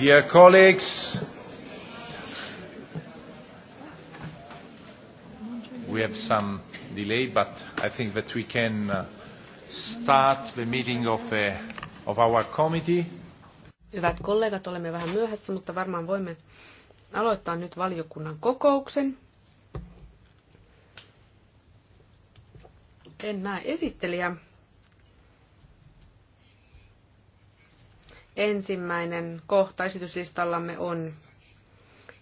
Dear colleagues, we have some delay, but I think that we can uh, start the meeting of, a, uh, of our committee. Hyvät kollegat, olemme vähän myöhässä, mutta varmaan voimme aloittaa nyt valiokunnan kokouksen. En näe esittelijää. Ensimmäinen kohta esityslistallamme on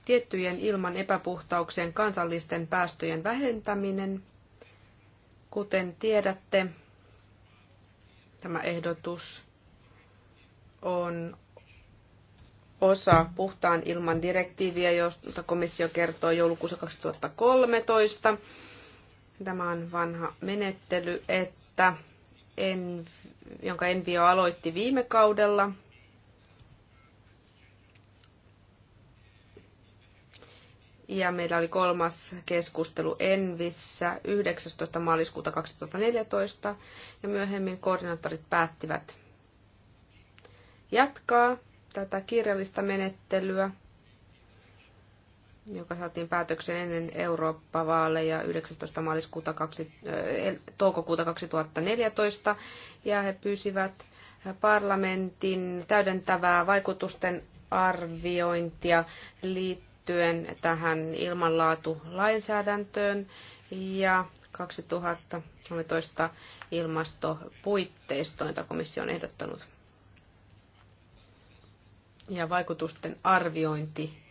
tiettyjen ilman epäpuhtauksien kansallisten päästöjen vähentäminen. Kuten tiedätte, tämä ehdotus on osa puhtaan ilman direktiiviä, josta komissio kertoo joulukuussa 2013. Tämä on vanha menettely, että en, jonka Envio aloitti viime kaudella – Ja meillä oli kolmas keskustelu Envissä 19. maaliskuuta 2014. Ja myöhemmin koordinaattorit päättivät jatkaa tätä kirjallista menettelyä, joka saatiin päätöksen ennen Eurooppa-vaaleja 19. maaliskuuta 2, eh, toukokuuta 2014. Ja he pyysivät parlamentin täydentävää vaikutusten arviointia liittyen liittyen tähän ilmanlaatulainsäädäntöön ja 2013 ilmastopuitteistoon, jota komissio on ehdottanut. Ja vaikutusten arviointi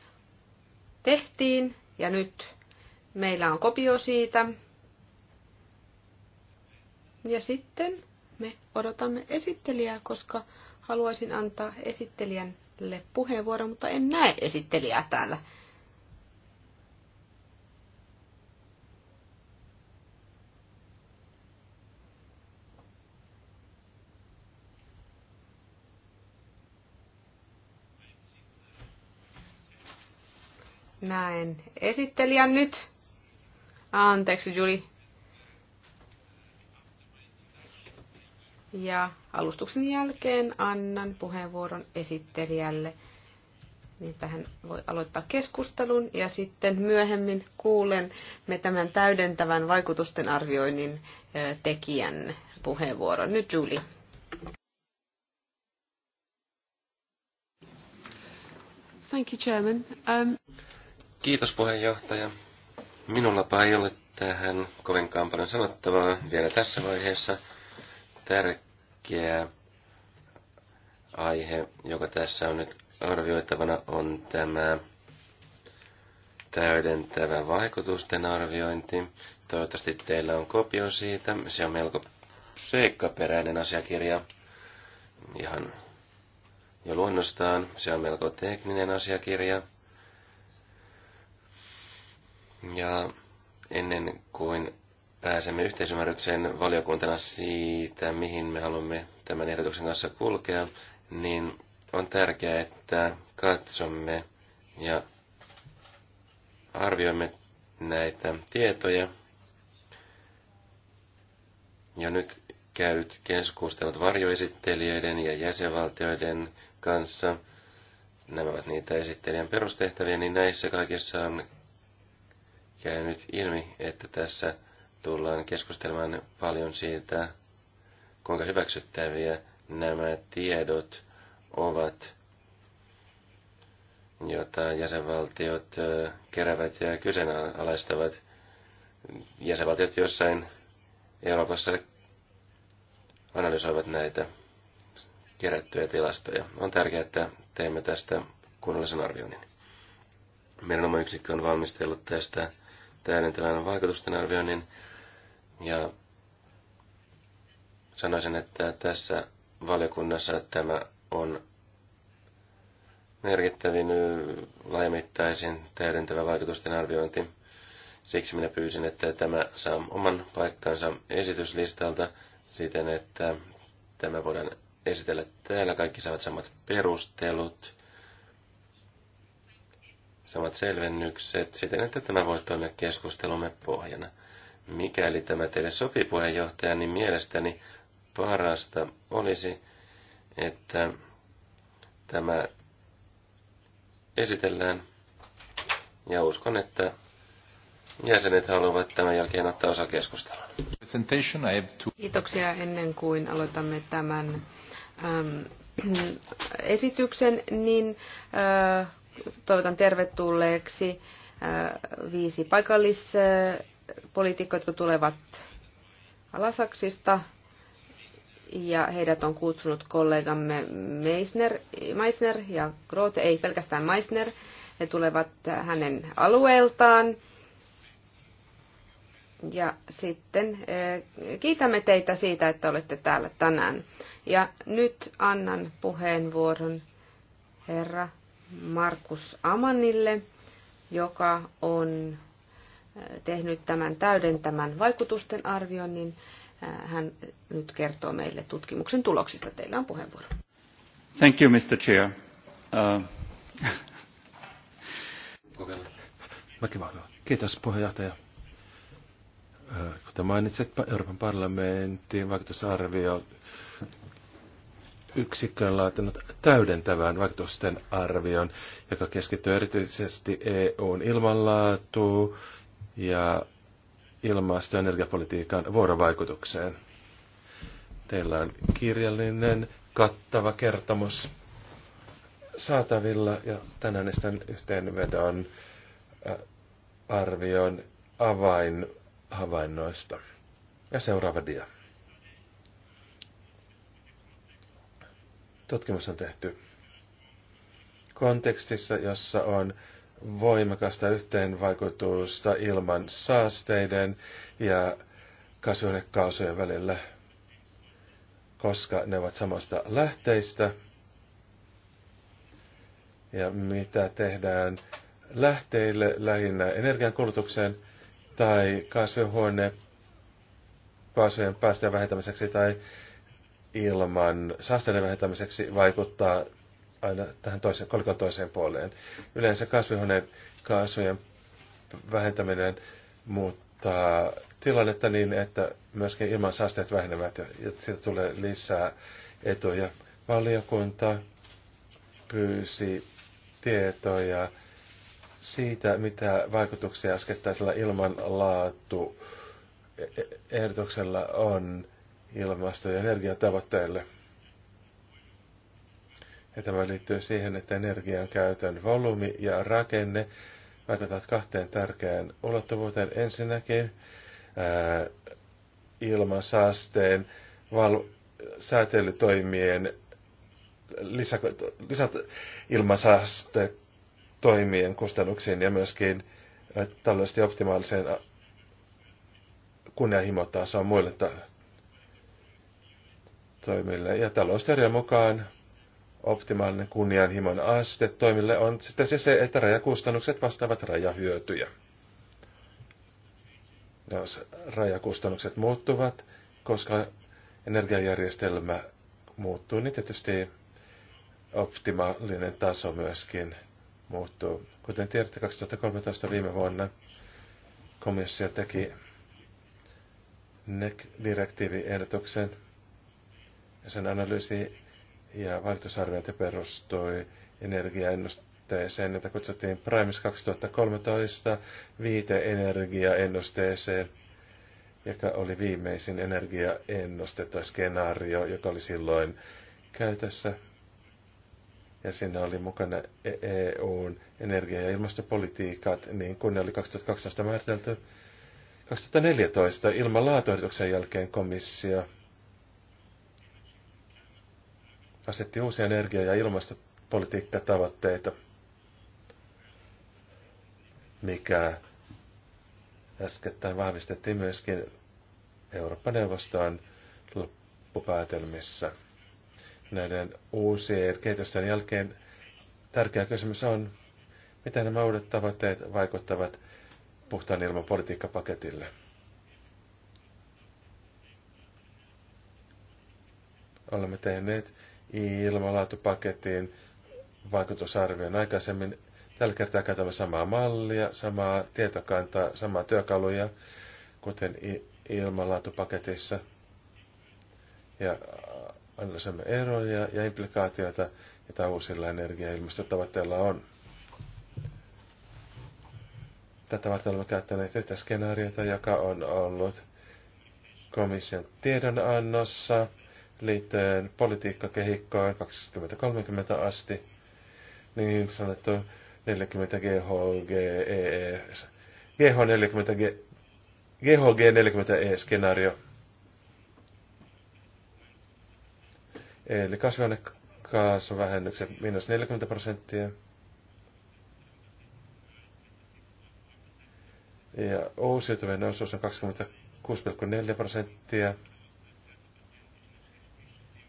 tehtiin ja nyt meillä on kopio siitä. Ja sitten me odotamme esittelijää, koska haluaisin antaa esittelijälle puheenvuoron, mutta en näe esittelijää täällä. Näen esittelijän nyt. Anteeksi, Julie. Ja alustuksen jälkeen annan puheenvuoron esittelijälle, niin tähän voi aloittaa keskustelun ja sitten myöhemmin kuulen me tämän täydentävän vaikutusten arvioinnin tekijän puheenvuoron. Nyt Julie. Thank you, Chairman. Um... Kiitos puheenjohtaja. Minullapa ei ole tähän kovinkaan paljon sanottavaa vielä tässä vaiheessa. Tärkeä aihe, joka tässä on nyt arvioitavana, on tämä täydentävä vaikutusten arviointi. Toivottavasti teillä on kopio siitä. Se on melko seikkaperäinen asiakirja ihan jo luonnostaan. Se on melko tekninen asiakirja. Ja ennen kuin pääsemme yhteisymmärrykseen valiokuntana siitä, mihin me haluamme tämän ehdotuksen kanssa kulkea, niin on tärkeää, että katsomme ja arvioimme näitä tietoja. Ja nyt käydyt keskustelut varjoesittelijöiden ja jäsenvaltioiden kanssa, nämä ovat niitä esittelijän perustehtäviä, niin näissä kaikissa on käynyt ilmi, että tässä tullaan keskustelemaan paljon siitä, kuinka hyväksyttäviä nämä tiedot ovat, jota jäsenvaltiot kerävät ja kyseenalaistavat. Jäsenvaltiot jossain Euroopassa analysoivat näitä kerättyjä tilastoja. On tärkeää, että teemme tästä kunnollisen arvioinnin. Meidän oma yksikkö on valmistellut tästä täydentävän vaikutusten arvioinnin. Ja sanoisin, että tässä valiokunnassa tämä on merkittävin laajamittaisin täydentävä vaikutusten arviointi. Siksi minä pyysin, että tämä saa oman paikkansa esityslistalta siten, että tämä voidaan esitellä täällä. Kaikki saavat samat perustelut samat selvennykset siten, että tämä voi toimia keskustelumme pohjana. Mikäli tämä teille sopii puheenjohtaja, niin mielestäni parasta olisi, että tämä esitellään ja uskon, että jäsenet haluavat tämän jälkeen ottaa osa keskusteluun. Kiitoksia ennen kuin aloitamme tämän ähm, esityksen, niin äh, toivotan tervetulleeksi äh, viisi paikallispoliitikkoa, jotka tulevat Alasaksista. Ja heidät on kutsunut kollegamme Meisner, Meisner ja Grote, ei pelkästään Meisner. He tulevat hänen alueeltaan. Ja sitten äh, kiitämme teitä siitä, että olette täällä tänään. Ja nyt annan puheenvuoron herra Markus Amanille, joka on äh, tehnyt tämän täydentämän vaikutusten arvioinnin. Äh, hän nyt kertoo meille tutkimuksen tuloksista. Teillä on puheenvuoro. Thank you, Mr. Chair. Uh... Kiitos puheenjohtaja. Äh, kuten mainitsit, Euroopan parlamentin vaikutusarvio yksikkö on laatinut täydentävän vaikutusten arvion, joka keskittyy erityisesti EUn ilmanlaatuun ja ilmasto- ja energiapolitiikan vuorovaikutukseen. Teillä on kirjallinen kattava kertomus saatavilla ja tänään estän yhteenvedon äh, arvion avainhavainnoista. Ja seuraava dia. tutkimus on tehty kontekstissa, jossa on voimakasta yhteenvaikutusta ilman saasteiden ja kasvihuonekaasujen välillä, koska ne ovat samasta lähteistä. Ja mitä tehdään lähteille lähinnä energiankulutukseen tai kasvihuonekaasujen päästöjen vähentämiseksi tai ilman saasteiden vähentämiseksi vaikuttaa aina tähän toiseen, kolikon toiseen puoleen. Yleensä kasvihuoneen kaasujen vähentäminen muuttaa tilannetta niin, että myöskin ilman saasteet vähenevät ja, ja siitä tulee lisää etuja. Valiokunta pyysi tietoja siitä, mitä vaikutuksia äskettäisellä ilmanlaatu ehdotuksella on ilmasto- ja energiatavoitteille. Ja tämä liittyy siihen, että energian käytön volyymi ja rakenne vaikuttavat kahteen tärkeään ulottuvuuteen. Ensinnäkin ää, ilmansaasteen val- säätelytoimien lisä, lisät, ilmansaastetoimien kustannuksiin ja myöskin taloudellisesti optimaaliseen kunnianhimotasoon muille ta- toimille. Ja talousteorian mukaan optimaalinen kunnianhimon aste toimille on sitten se, että rajakustannukset vastaavat rajahyötyjä. Jos no, rajakustannukset muuttuvat, koska energiajärjestelmä muuttuu, niin tietysti optimaalinen taso myöskin muuttuu. Kuten tiedätte, 2013 viime vuonna komissio teki direktiivi direktiiviehdotuksen ja sen analyysi ja vaikutusarviointi perustui energiaennusteeseen, jota kutsuttiin Primes 2013 viiteenergiaennusteeseen, joka oli viimeisin energiaennuste tai skenaario, joka oli silloin käytössä. Ja siinä oli mukana EUn e energia- ja ilmastopolitiikat, niin kuin ne oli 2012 määritelty. 2014 ilman laatuehdotuksen jälkeen komissio asetti uusia energia- ja ilmastopolitiikkatavoitteita, mikä äskettäin vahvistettiin myöskin eurooppa neuvostoon loppupäätelmissä. Näiden uusien kehitysten jälkeen tärkeä kysymys on, miten nämä uudet tavoitteet vaikuttavat puhtaan ilman politiikkapaketille. Olemme tehneet ilmanlaatupaketin vaikutusarvion aikaisemmin. Tällä kertaa käytämme samaa mallia, samaa tietokantaa, samaa työkaluja, kuten ilmanlaatupaketissa. Ja analysoimme eroja ja implikaatioita, joita uusilla energia- ja ilmastotavoitteilla on. Tätä varten olemme käyttäneet yhtä skenaariota, joka on ollut komission tiedonannossa – liittyen politiikkakehikkoon 2030 asti, niin sanottu 40 GHG, EE, GH40, GHG40E-skenaario. Eli kasvihuonekaasuvähennykset miinus 40 prosenttia. Ja uusiutuvien osuus on 26,4 prosenttia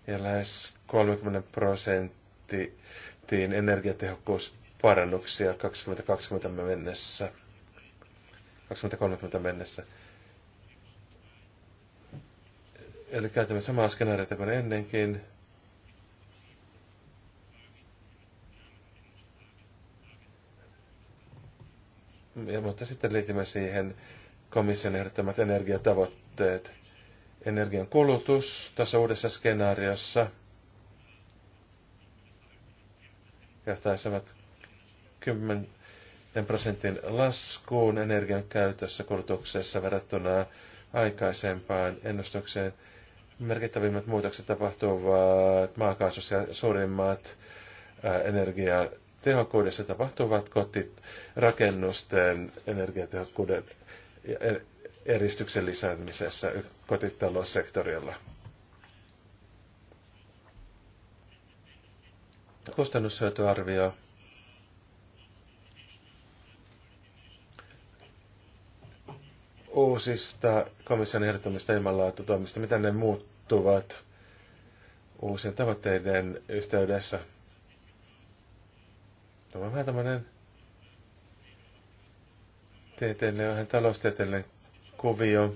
ja lähes 30 prosenttiin energiatehokkuusparannuksia 2020 mennessä. 2030 mennessä. Eli käytämme samaa skenaariota kuin ennenkin. Ja, mutta sitten liitimme siihen komission ehdottamat energiatavoitteet – energian kulutus tässä uudessa skenaariossa johtaisivat 10 prosentin laskuun energian käytössä kulutuksessa verrattuna aikaisempaan ennustukseen. Merkittävimmät muutokset tapahtuvat maakaasussa ja suurimmat energiatehokkuudessa tapahtuvat kotirakennusten energiatehokkuuden eristyksen lisäämisessä kotitaloussektorilla. Kustannushyötyarvio uusista komission ehdottomista ilmanlaatutoimista, miten ne muuttuvat uusien tavoitteiden yhteydessä. Tämä on vähän tämmöinen tieteellinen, vähän taloustieteellinen kuvio.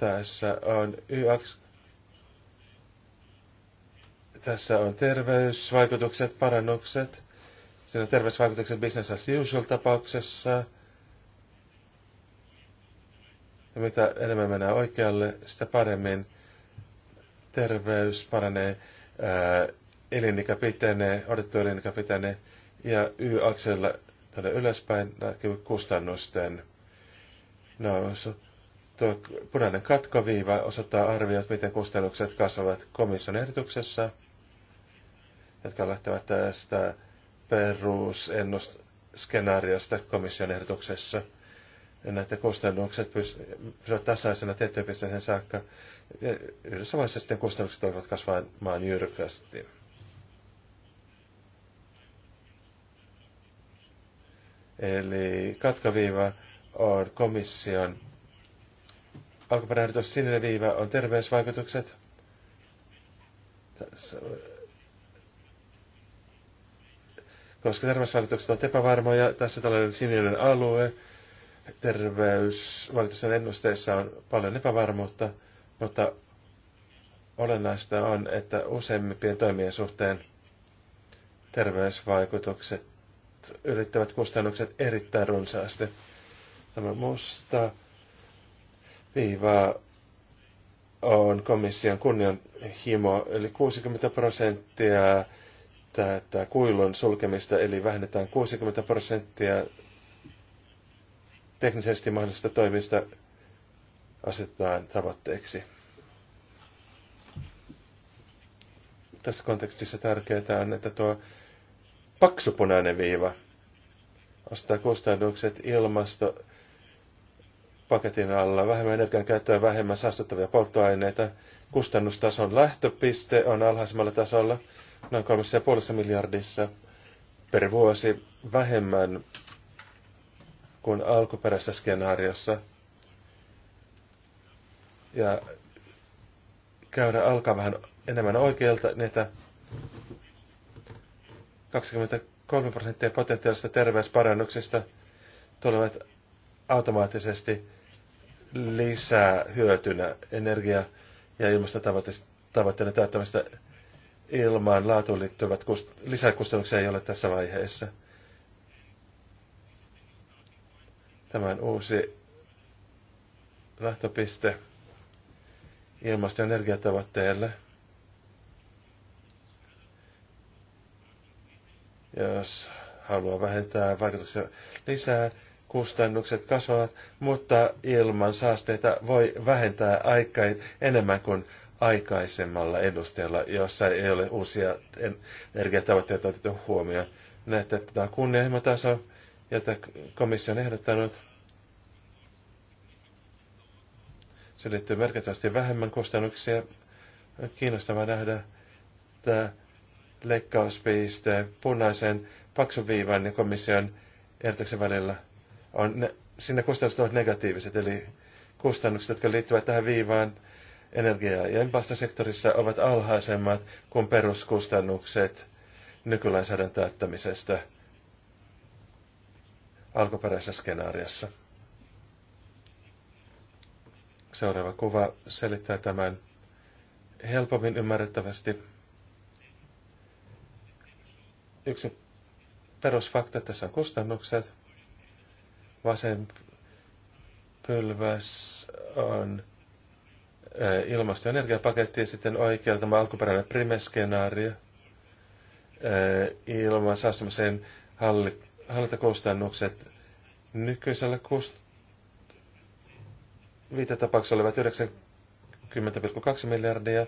Tässä on yksi tässä on terveysvaikutukset, parannukset. Siinä on terveysvaikutukset business as usual tapauksessa. Ja mitä enemmän mennään oikealle, sitä paremmin terveys paranee, ää, elinikä pitenee, odottu elinikä pitenee. Ja Y-akselilla tuonne ylöspäin näkyy kustannusten nousu. Tuo punainen katkoviiva osoittaa arviot, miten kustannukset kasvavat komission ehdotuksessa, jotka lähtevät tästä perusennusskenaariosta komission ehdotuksessa. Näiden kustannukset pysyvät tasaisena tiettyyn pisteeseen saakka. Yhdessä vaiheessa sitten kustannukset alkavat kasvamaan jyrkästi. Eli katkaviiva on komission alkuperäinen tuossa sininen viiva on terveysvaikutukset. Tässä, koska terveysvaikutukset ovat epävarmoja, tässä tällainen sininen alue. Terveysvaikutusten ennusteissa on paljon epävarmuutta, mutta olennaista on, että useimpien toimien suhteen terveysvaikutukset ylittävät kustannukset erittäin runsaasti. Tämä musta viiva on komission kunnianhimo, eli 60 prosenttia tätä kuilun sulkemista, eli vähennetään 60 prosenttia teknisesti mahdollisista toimista asetetaan tavoitteeksi. Tässä kontekstissa tärkeää on, että tuo paksupunainen viiva ostaa kustannukset ilmasto- paketin alla vähemmän energian käyttöä, vähemmän saastuttavia polttoaineita. Kustannustason lähtöpiste on alhaisemmalla tasolla, noin 3,5 miljardissa per vuosi vähemmän kuin alkuperäisessä skenaariossa. Ja käydä alkaa vähän enemmän oikealta, niin että 23 prosenttia potentiaalista terveysparannuksista tulevat automaattisesti lisää hyötynä energia- ja ilmastotavoitteiden täyttämistä ilmaan laatuun liittyvät lisäkustannuksia ei ole tässä vaiheessa. Tämä on uusi lähtöpiste ilmasto- ja energiatavoitteelle. Jos haluaa vähentää vaikutuksia lisää, kustannukset kasvavat, mutta ilman saasteita voi vähentää aikaa enemmän kuin aikaisemmalla edustajalla, jossa ei ole uusia energiatavoitteita otettu huomioon. Näette, että tämä on kunnianhimotaso, jota komissio on ehdottanut. Se liittyy merkittävästi vähemmän kustannuksia. On kiinnostavaa nähdä tämä leikkauspiste punaisen paksuviivan ja komission ehdotuksen välillä – on ne, siinä kustannukset ovat negatiiviset, eli kustannukset, jotka liittyvät tähän viivaan energia- ja ilmastosektorissa, ovat alhaisemmat kuin peruskustannukset nykylainsäädännön täyttämisestä alkuperäisessä skenaariossa. Seuraava kuva selittää tämän helpommin ymmärrettävästi. Yksi perusfakta tässä on kustannukset. Vasen pylväs on ilmasto- ja energiapaketti ja sitten oikealla tämä alkuperäinen primeskenaario ilman saastumisen hallit, hallintakustannukset nykyisellä kust... viite tapauksessa olivat 90,2 miljardia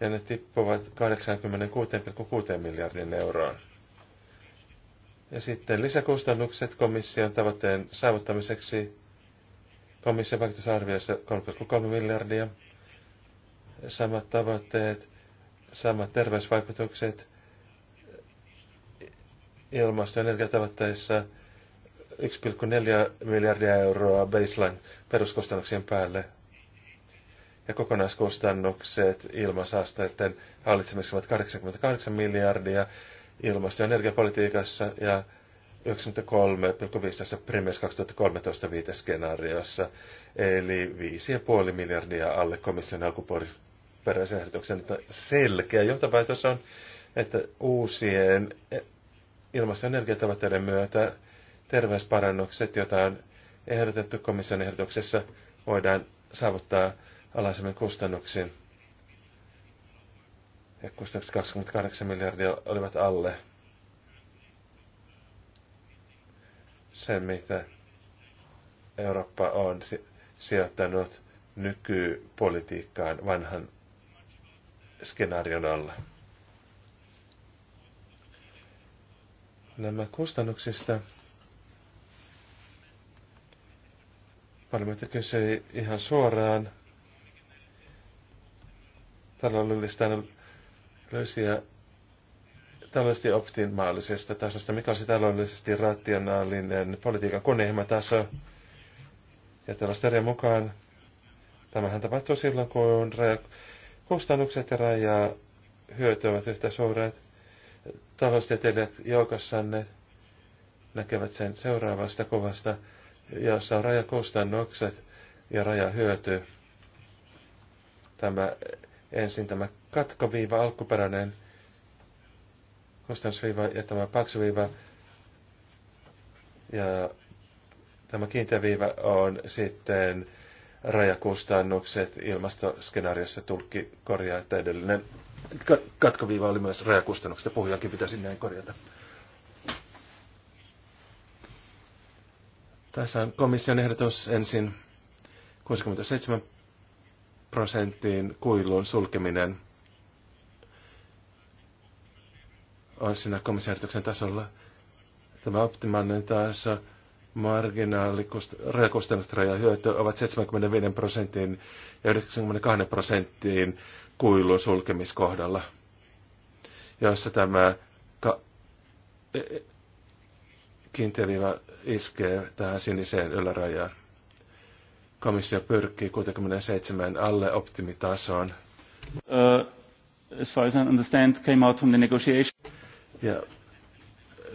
ja ne tippuvat 86,6 miljardin euroon. Ja sitten lisäkustannukset komission tavoitteen saavuttamiseksi. Komission vaikutusarviossa 3,3 miljardia. Samat tavoitteet, samat terveysvaikutukset ilmasto- ja energiatavoitteissa 1,4 miljardia euroa baseline peruskustannuksien päälle ja kokonaiskustannukset ilmansaasteiden hallitsemiseksi ovat 88 miljardia ilmasto- ja energiapolitiikassa ja 93,5 tässä Premies 2013 viiteskenaariossa, eli 5,5 miljardia alle komission alkuperäisen ehdotuksen. Selkeä johtopäätös on, että uusien ilmasto- ja energiatavoitteiden myötä terveysparannukset, joita on ehdotettu komission ehdotuksessa, voidaan saavuttaa alaisemmin kustannuksiin ja 28 miljardia olivat alle sen, mitä Eurooppa on sijoittanut nykypolitiikkaan vanhan skenaarion alla. Nämä kustannuksista parlamentti kysyi ihan suoraan taloudellistaan löysiä tällaisesti optimaalisesta tasosta, mikä olisi taloudellisesti rationaalinen politiikan kunnianhimotaso. Ja tällaisten mukaan tämähän tapahtuu silloin, kun raja, kustannukset ja raja hyöty ovat yhtä suuret. Taloustieteilijät joukossanne näkevät sen seuraavasta kuvasta, jossa on rajakustannukset ja rajahyöty. Tämä ensin tämä katkoviiva, alkuperäinen kustannusviiva ja tämä paksuviiva ja tämä kiinteä viiva on sitten rajakustannukset ilmastoskenaariossa tulkki korjaa, että edellinen katkoviiva oli myös rajakustannukset, puhujankin pitäisi näin korjata. Tässä on komission ehdotus ensin 67 prosenttiin kuilun sulkeminen on siinä komissiarjoituksen tasolla. Tämä optimaalinen taas marginaalikustannusraja ja hyöty ovat 75 prosentin ja 92 prosenttiin kuilun sulkemiskohdalla, jossa tämä ka- e-, e-, kiinteäviiva iskee tähän siniseen ylärajaan. Komissio pyrkii 67 alle optimitasoon. Uh, as far as I understand, came out from the negotiation. Ja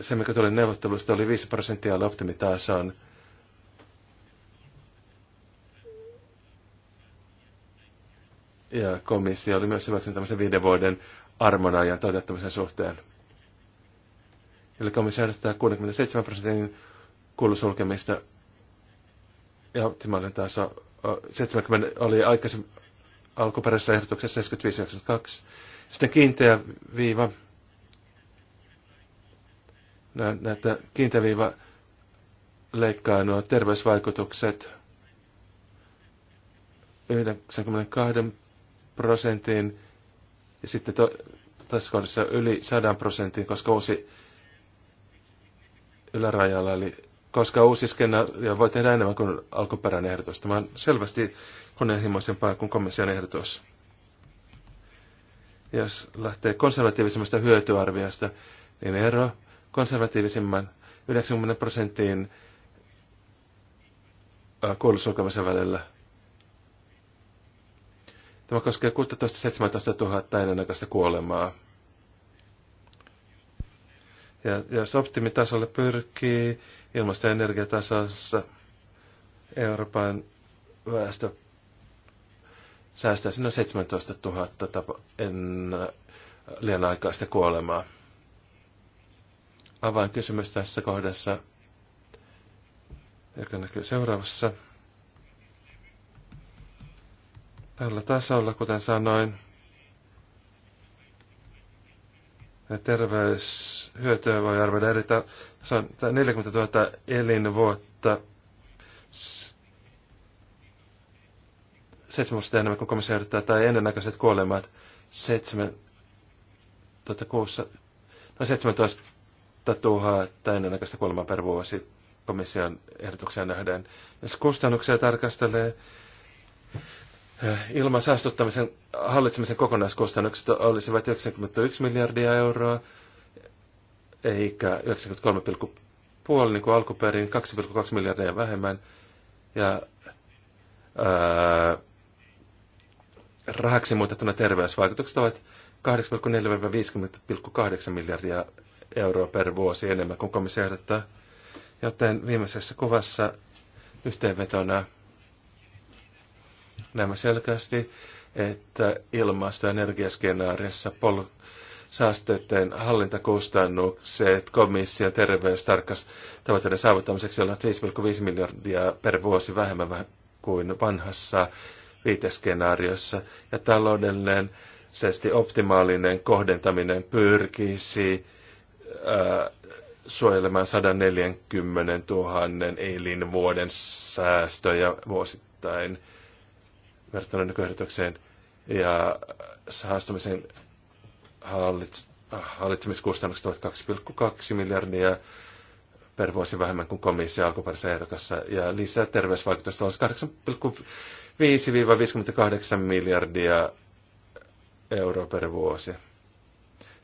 se, mikä tuli neuvottelusta, oli 5 prosenttia alle on. Ja komissio oli myös hyväksynyt tämmöisen viiden vuoden armonajan toteuttamisen suhteen. Eli komissio ehdottaa 67 prosentin kuulusulkemista. ja optimaalinen taso 70 oli aikaisemmin alkuperäisessä ehdotuksessa 75-92. Sitten kiinteä viiva näitä kiintäviiva leikkaa nuo terveysvaikutukset 92 prosentin ja sitten to, tässä kohdassa yli 100 prosentin, koska uusi ylärajalla, eli koska uusi skenaario voi tehdä enemmän kuin alkuperäinen ehdotus. Tämä on selvästi kunnianhimoisempaa kuin komission ehdotus. Jos lähtee konservatiivisemmasta hyötyarviasta, niin ero konservatiivisimman 90 prosentin kuollusulkemisen välillä. Tämä koskee 16-17 000 ennenaikaista kuolemaa. Ja jos optimitasolle pyrkii ilmasto- ja energiatasossa Euroopan väestö säästää sinne 17 000 tapa, en, liian aikaista kuolemaa avainkysymys tässä kohdassa, joka näkyy seuraavassa. Tällä tasolla, kuten sanoin, terveyshyötyä voi arvioida eri ta- se on 40 000 elinvuotta. 700 enemmän kuin komissio yrittää, tai ennennäköiset kuolemat 7 tuota, kuussa, noin 17 täynnä ennenaikaista kuolemaa per vuosi komission ehdotuksia nähden. Jos kustannuksia tarkastelee, eh, ilman saastuttamisen hallitsemisen kokonaiskustannukset olisivat 91 miljardia euroa, eikä 93,5 niin kuin alkuperin, 2,2 miljardia vähemmän. Ja ää, rahaksi muutettuna terveysvaikutukset ovat 8,4-50,8 miljardia euroa per vuosi enemmän kuin komissio ehdottaa. Joten viimeisessä kuvassa yhteenvetona näemme selkeästi, että ilmasto- ja energiaskenaariossa pol- saasteiden hallintakustannukset komission terveystarkas tavoitteiden saavuttamiseksi on 5,5 miljardia per vuosi vähemmän kuin vanhassa viiteskenaariossa, ja taloudellinen optimaalinen kohdentaminen pyrkisi Äh, suojelemaan 140 000 elinvuoden säästöjä vuosittain verrattuna nykyehdotukseen ja saastumisen hallits- hallitsemiskustannukset ovat 2,2 miljardia per vuosi vähemmän kuin komissio alkuperäisessä ehdokassa ja lisää terveysvaikutusta olisi 8,5-58 miljardia euroa per vuosi.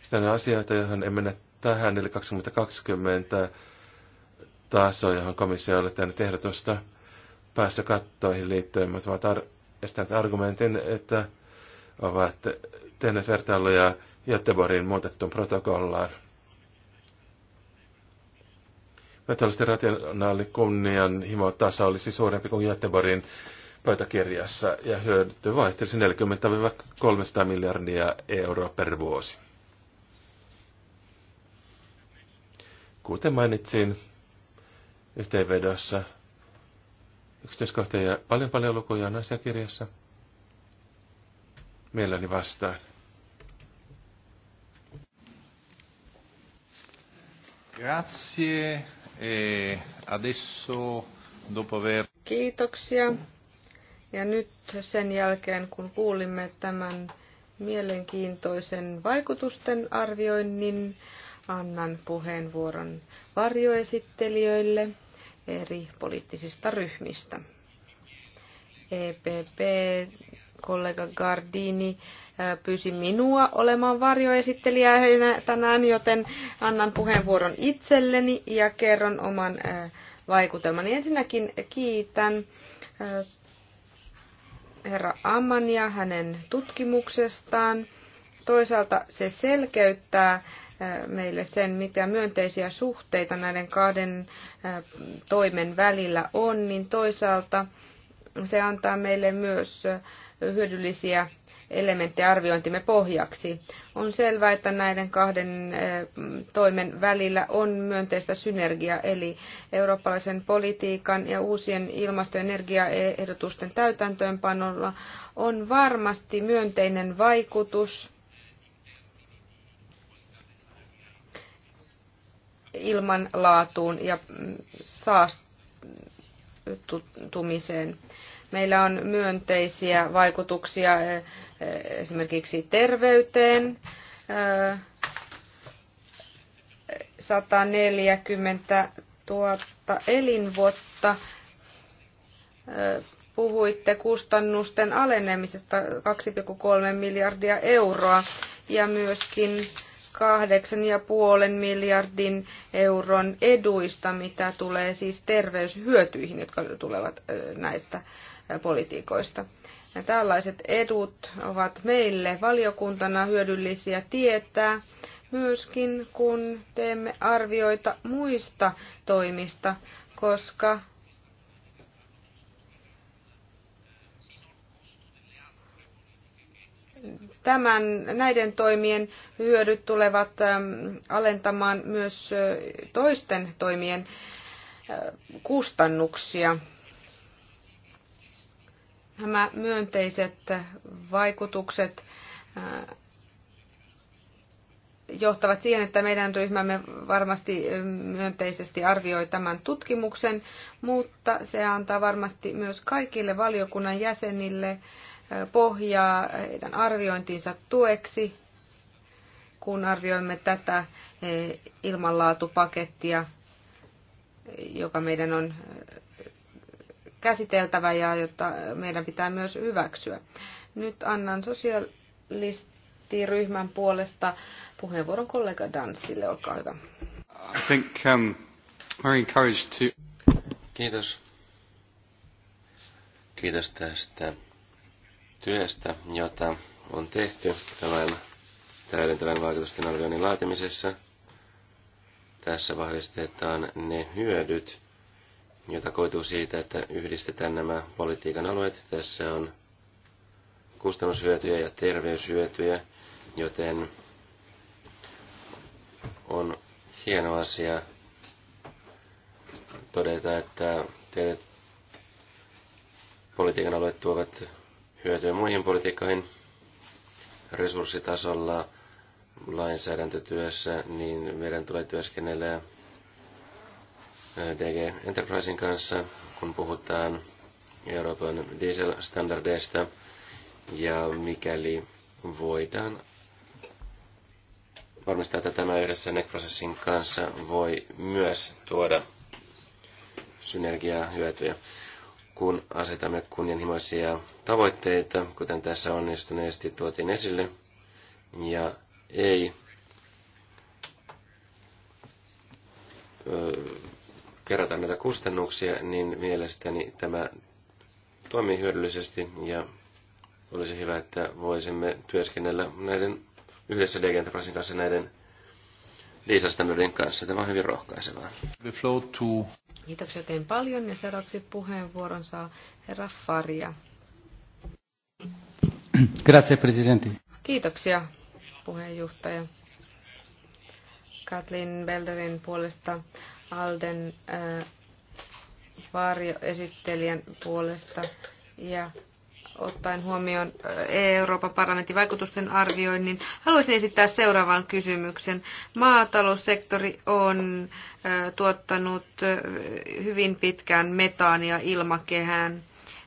Sitten on asioita, joihin emme mennä tähän, eli 2020 taso, johon komissio oli tehnyt ehdotusta päästökattoihin liittyen, mutta ovat estäneet argumentin, että ovat tehneet vertailuja Göteborgin muutettuun protokollaan. Metallisten rationaalikunnian himotaso olisi suurempi kuin Göteborgin pöytäkirjassa ja hyödytty vaihtelisi 40-300 miljardia euroa per vuosi. Kuten mainitsin yhteenvedossa, yksityiskohtia paljon paljon lukuja on asiakirjassa. Mielelläni vastaan. Grazie. E adesso, dopo aver... Kiitoksia. Ja nyt sen jälkeen, kun kuulimme tämän mielenkiintoisen vaikutusten arvioinnin, annan puheenvuoron varjoesittelijöille eri poliittisista ryhmistä. EPP, kollega Gardini pyysi minua olemaan varjoesittelijänä tänään, joten annan puheenvuoron itselleni ja kerron oman vaikutelmani. Ensinnäkin kiitän herra ja hänen tutkimuksestaan Toisaalta se selkeyttää äh, meille sen, mitä myönteisiä suhteita näiden kahden äh, toimen välillä on, niin toisaalta se antaa meille myös äh, hyödyllisiä elementtejä arviointimme pohjaksi. On selvää, että näiden kahden toimen välillä on myönteistä synergia, eli eurooppalaisen politiikan ja uusien ilmasto- ja energiaehdotusten täytäntöönpanolla on varmasti myönteinen vaikutus ilmanlaatuun ja saastumiseen. Meillä on myönteisiä vaikutuksia eh, eh, esimerkiksi terveyteen. 140 eh, 000 elinvuotta. Puhuitte kustannusten alenemisesta 2,3 miljardia euroa ja myöskin 8,5 miljardin euron eduista, mitä tulee siis terveyshyötyihin, jotka tulevat näistä politiikoista. Ja tällaiset edut ovat meille valiokuntana hyödyllisiä tietää myöskin, kun teemme arvioita muista toimista, koska tämän, näiden toimien hyödyt tulevat ähm, alentamaan myös toisten toimien kustannuksia. Nämä myönteiset vaikutukset johtavat siihen, että meidän ryhmämme varmasti myönteisesti arvioi tämän tutkimuksen, mutta se antaa varmasti myös kaikille valiokunnan jäsenille pohjaa heidän arviointiinsa tueksi, kun arvioimme tätä ilmanlaatupakettia, joka meidän on käsiteltävä ja jota meidän pitää myös hyväksyä. Nyt annan sosialistiryhmän puolesta puheenvuoron kollega Danssille. Olkaa hyvä. I think, um, very encouraged to... Kiitos. Kiitos tästä työstä, jota on tehty tämän täydentävän vaikutusten arvioinnin laatimisessa. Tässä vahvistetaan ne hyödyt, jota koituu siitä, että yhdistetään nämä politiikan alueet. Tässä on kustannushyötyjä ja terveyshyötyjä, joten on hieno asia todeta, että politiikan alueet tuovat hyötyä muihin politiikkoihin resurssitasolla lainsäädäntötyössä, niin meidän tulee työskennellä DG Enterprisein kanssa, kun puhutaan Euroopan dieselstandardeista, ja mikäli voidaan varmistaa, että tämä yhdessä NEC-prosessin kanssa voi myös tuoda synergiaa hyötyjä kun asetamme kunnianhimoisia tavoitteita, kuten tässä onnistuneesti tuotiin esille, ja ei kerätä näitä kustannuksia, niin mielestäni tämä toimii hyödyllisesti ja olisi hyvä, että voisimme työskennellä näiden yhdessä Degentrasin kanssa näiden liisastandarden kanssa. Tämä on hyvin rohkaisevaa. The flow to... Kiitoksia oikein paljon ja seuraavaksi puheenvuoron saa herra Faria. Grazie, presidentti. Kiitoksia, puheenjohtaja. Katlin Belderin puolesta Alden äh, varjoesittelijän puolesta ja ottaen huomioon Euroopan parlamentin vaikutusten arvioinnin, haluaisin esittää seuraavan kysymyksen. Maataloussektori on tuottanut hyvin pitkään metaania ilmakehään.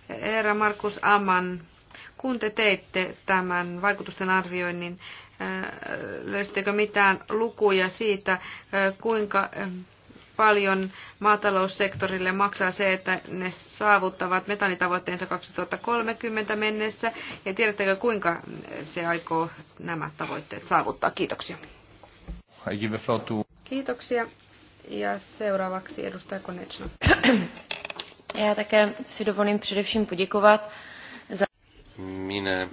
Herra Markus Aman, kun te teitte tämän vaikutusten arvioinnin, löysittekö mitään lukuja siitä, kuinka paljon maataloussektorille maksaa se, että ne saavuttavat metanitavoitteensa 2030 mennessä. Ja tiedättekö, kuinka se aikoo nämä tavoitteet saavuttaa? Kiitoksia. Kiitoksia. Ja seuraavaksi edustaja Konechna. Já také si dovolím především poděkovat za... Minä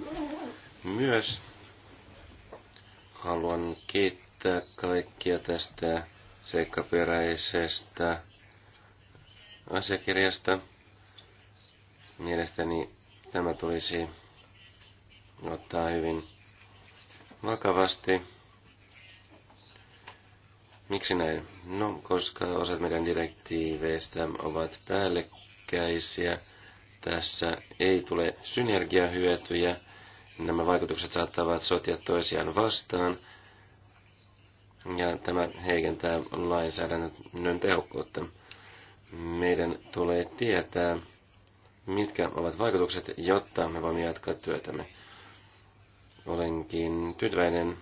myös haluan kiittää kaikkia tästä seikkaperäisestä asiakirjasta. Mielestäni tämä tulisi ottaa hyvin vakavasti. Miksi näin? No, koska osat meidän direktiiveistä ovat päällekkäisiä. Tässä ei tule synergiahyötyjä. Nämä vaikutukset saattavat sotia toisiaan vastaan – ja tämä heikentää lainsäädännön tehokkuutta. Meidän tulee tietää, mitkä ovat vaikutukset, jotta me voimme jatkaa työtämme. Olenkin tyytyväinen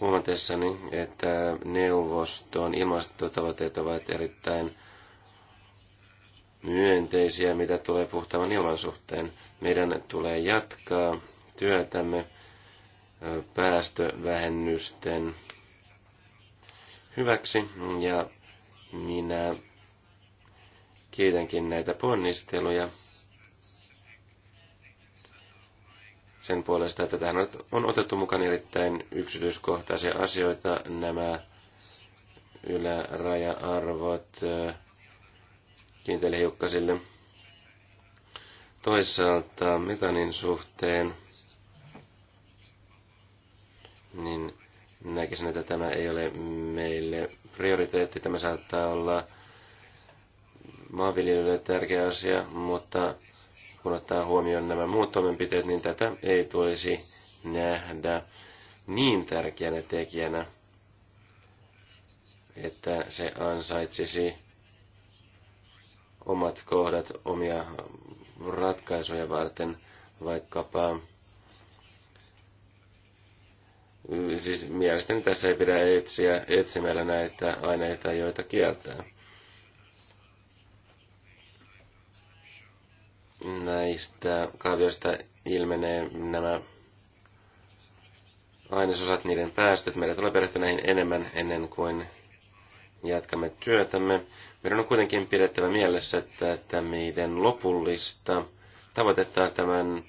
huomatessani, että neuvoston ilmastotavoitteet ovat erittäin myönteisiä, mitä tulee puhtaavan ilman suhteen. Meidän tulee jatkaa työtämme päästövähennysten hyväksi ja minä kiitänkin näitä ponnisteluja sen puolesta, että tähän on otettu mukaan erittäin yksityiskohtaisia asioita, nämä yläraja-arvot kiinteille hiukkasille. Toisaalta metanin suhteen, niin näkisin, että tämä ei ole meille prioriteetti. Tämä saattaa olla maanviljelijöille tärkeä asia, mutta kun ottaa huomioon nämä muut toimenpiteet, niin tätä ei tulisi nähdä niin tärkeänä tekijänä, että se ansaitsisi omat kohdat omia ratkaisuja varten, vaikkapa Mm, siis mielestäni tässä ei pidä etsiä etsimällä näitä aineita, joita kieltää. Näistä kaavioista ilmenee nämä ainesosat, niiden päästöt. Meidän tulee perehtyä näihin enemmän ennen kuin jatkamme työtämme. Meidän on kuitenkin pidettävä mielessä, että, että meidän lopullista tavoitetta tämän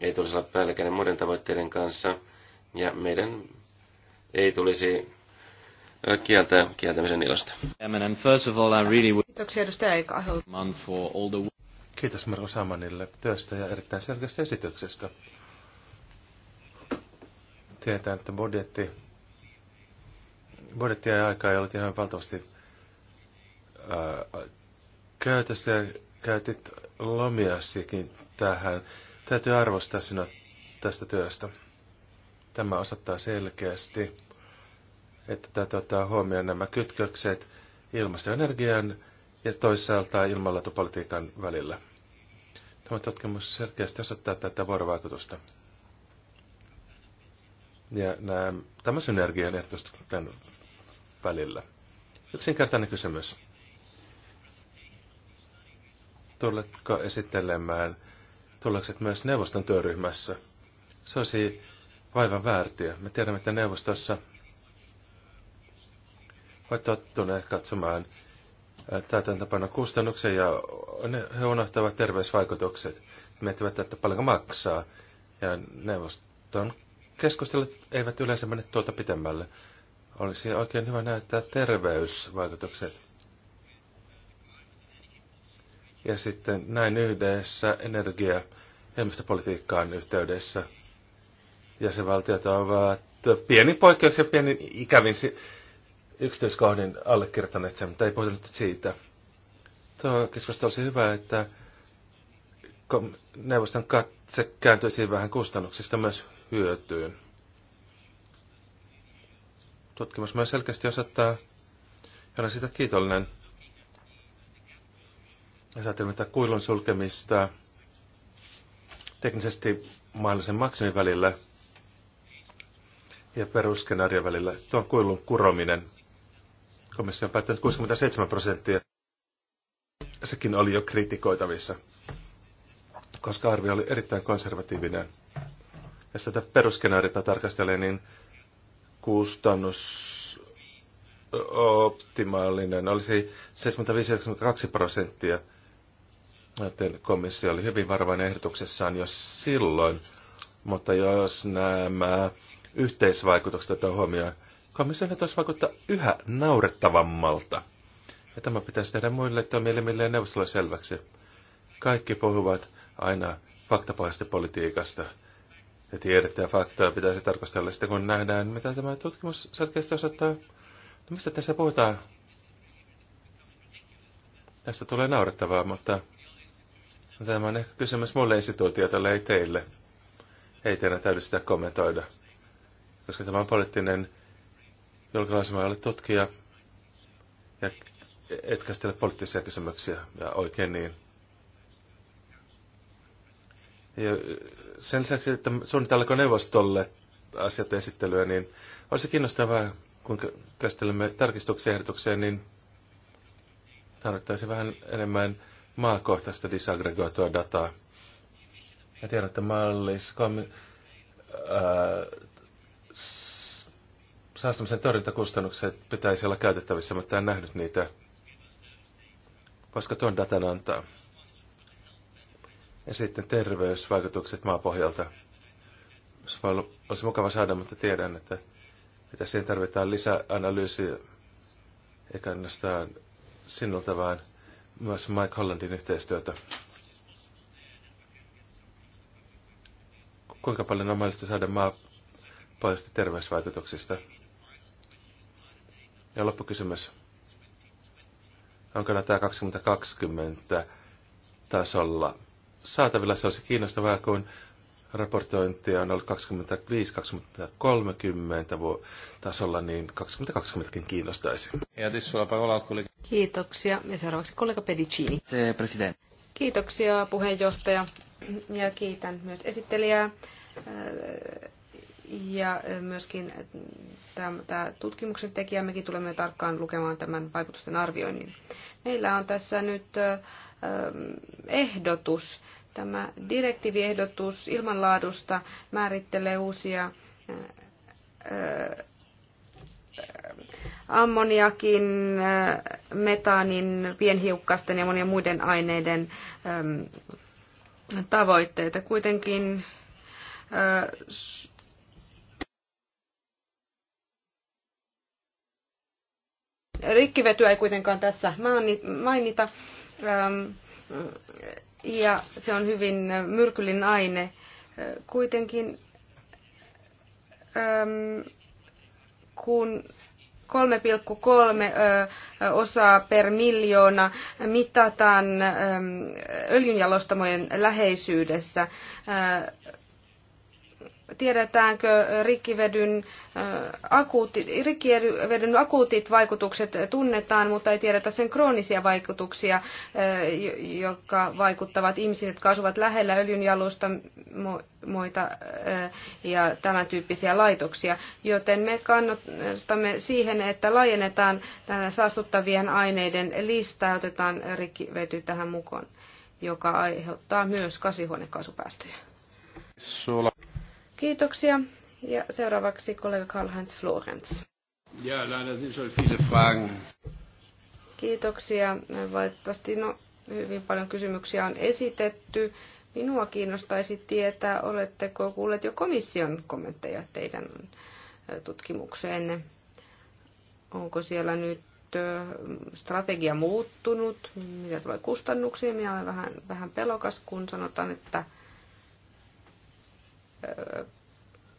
ei tulisi olla päällekkäinen muiden tavoitteiden kanssa – ja meidän ei tulisi kieltää kieltämisen ilosta. First of all, I really Kiitoksia edustaja Eika. For all the... Kiitos Marko Samanille työstä ja erittäin selkeästä esityksestä. Tietää, että budjetti, budjettia ja aikaa ei ollut ihan valtavasti käytössä ja käytit lomiasikin tähän. Täytyy arvostaa sinua tästä työstä. Tämä osoittaa selkeästi, että tämä ottaa huomioon nämä kytkökset ilmastoenergian ja toisaalta ilmanlaatupolitiikan välillä. Tämä tutkimus selkeästi osoittaa tätä vuorovaikutusta. Ja nämä, tämä synergia on tämän välillä. Yksinkertainen kysymys. Tuletko esittelemään tulokset myös neuvoston työryhmässä? Se olisi vaivan väärtiä. Me tiedämme, että neuvostossa ovat tottuneet katsomaan äh, täytäntöpanon kustannuksia ja he unohtavat terveysvaikutukset. Miettivät, että paljonko maksaa. Ja neuvoston keskustelut eivät yleensä mene tuota pitemmälle. Olisi oikein hyvä näyttää terveysvaikutukset. Ja sitten näin yhdessä energia- ja ilmastopolitiikkaan yhteydessä – jäsenvaltiot ovat pieni poikkeus ja pieni ikävin yksityiskohdin allekirjoittaneet sen, mutta ei puhuta nyt siitä. Tuo keskustelu olisi hyvä, että neuvoston katse kääntyisi vähän kustannuksista myös hyötyyn. Tutkimus myös selkeästi osoittaa, ja olen siitä kiitollinen. Jos ajatellaan tätä kuilun sulkemista teknisesti mahdollisen maksimivälillä välillä, ja perusskenaarien välillä. tuo on kuilun kurominen. Komissio on päättänyt 67 prosenttia. Sekin oli jo kritikoitavissa, koska arvio oli erittäin konservatiivinen. Ja tätä perusskenaariota tarkastelee, niin kustannus optimaalinen olisi 75-92 prosenttia. Joten komissio oli hyvin varovainen ehdotuksessaan jo silloin, mutta jos nämä yhteisvaikutukset otetaan huomioon. Komission ehdotus vaikuttaa yhä naurettavammalta. Ja tämä pitäisi tehdä muille toimielimille ja neuvostolle selväksi. Kaikki puhuvat aina faktapohjaisesta politiikasta. Ja tiedettä ja faktoja pitäisi tarkastella sitten, kun nähdään, mitä tämä tutkimus selkeästi osoittaa. No mistä tässä puhutaan? Tästä tulee naurettavaa, mutta tämä on ehkä kysymys mulle instituutiotalle, ei teille. Ei teidän täydy sitä kommentoida koska tämä on poliittinen ei ole tutkija, ja et käsitellä poliittisia kysymyksiä, ja oikein niin. Ja sen lisäksi, että suunnitellaanko neuvostolle asiat esittelyä, niin olisi kiinnostavaa, kun käsittelemme tarkistuksia ehdotukseen, niin tarvittaisiin vähän enemmän maakohtaista disaggregoitua dataa. Ja tiedän, että mallis, kom, ää, säästämisen torjuntakustannukset pitäisi olla käytettävissä, mutta en nähnyt niitä, koska tuon datan antaa. Ja sitten terveysvaikutukset maapohjalta. olisi mukava saada, mutta tiedän, että, että siihen tarvitaan lisäanalyysiä, eikä ainoastaan sinulta, vaan myös Mike Hollandin yhteistyötä. Kuinka paljon on mahdollista saada maa paljasti terveysvaikutuksista. Ja loppukysymys. Onko näitä 2020 tasolla saatavilla? Se olisi kiinnostavaa, kun raportointia on ollut 25-2030 tasolla, niin 2020kin kiinnostaisi. Kiitoksia. Ja seuraavaksi kollega Pedicini. Se president. Kiitoksia puheenjohtaja ja kiitän myös esittelijää äh, ja eh, myöskin eh, tämä tutkimuksen tekijä, mekin tulemme tarkkaan lukemaan tämän vaikutusten arvioinnin. Meillä on tässä nyt eh, ehdotus. Tämä direktiiviehdotus ilmanlaadusta määrittelee uusia ammoniakin, metaanin, pienhiukkasten ja monien muiden aineiden tavoitteita. Kuitenkin Rikkivetyä ei kuitenkaan tässä mainita. Ähm, ja se on hyvin myrkyllinen aine. Kuitenkin ähm, kun 3,3 osaa per miljoona mitataan ähm, öljynjalostamojen läheisyydessä. Äh, tiedetäänkö rikkivedyn, äh, akuutti, rikkivedyn akuutit vaikutukset tunnetaan, mutta ei tiedetä sen kroonisia vaikutuksia, äh, jotka vaikuttavat ihmisiin, jotka asuvat lähellä öljynjalostamoita äh, ja tämän tyyppisiä laitoksia. Joten me kannustamme siihen, että laajennetaan saastuttavien aineiden listaa ja otetaan rikkivety tähän mukaan joka aiheuttaa myös kasvihuonekaasupäästöjä. Kiitoksia. Ja seuraavaksi kollega Karl-Heinz Florenz. Ja, leider sind schon viele Fragen. Kiitoksia. Valitettavasti no, hyvin paljon kysymyksiä on esitetty. Minua kiinnostaisi tietää, oletteko kuulleet jo komission kommentteja teidän tutkimukseenne. Onko siellä nyt strategia muuttunut, mitä tulee kustannuksiin. Minä olen vähän, vähän pelokas, kun sanotaan, että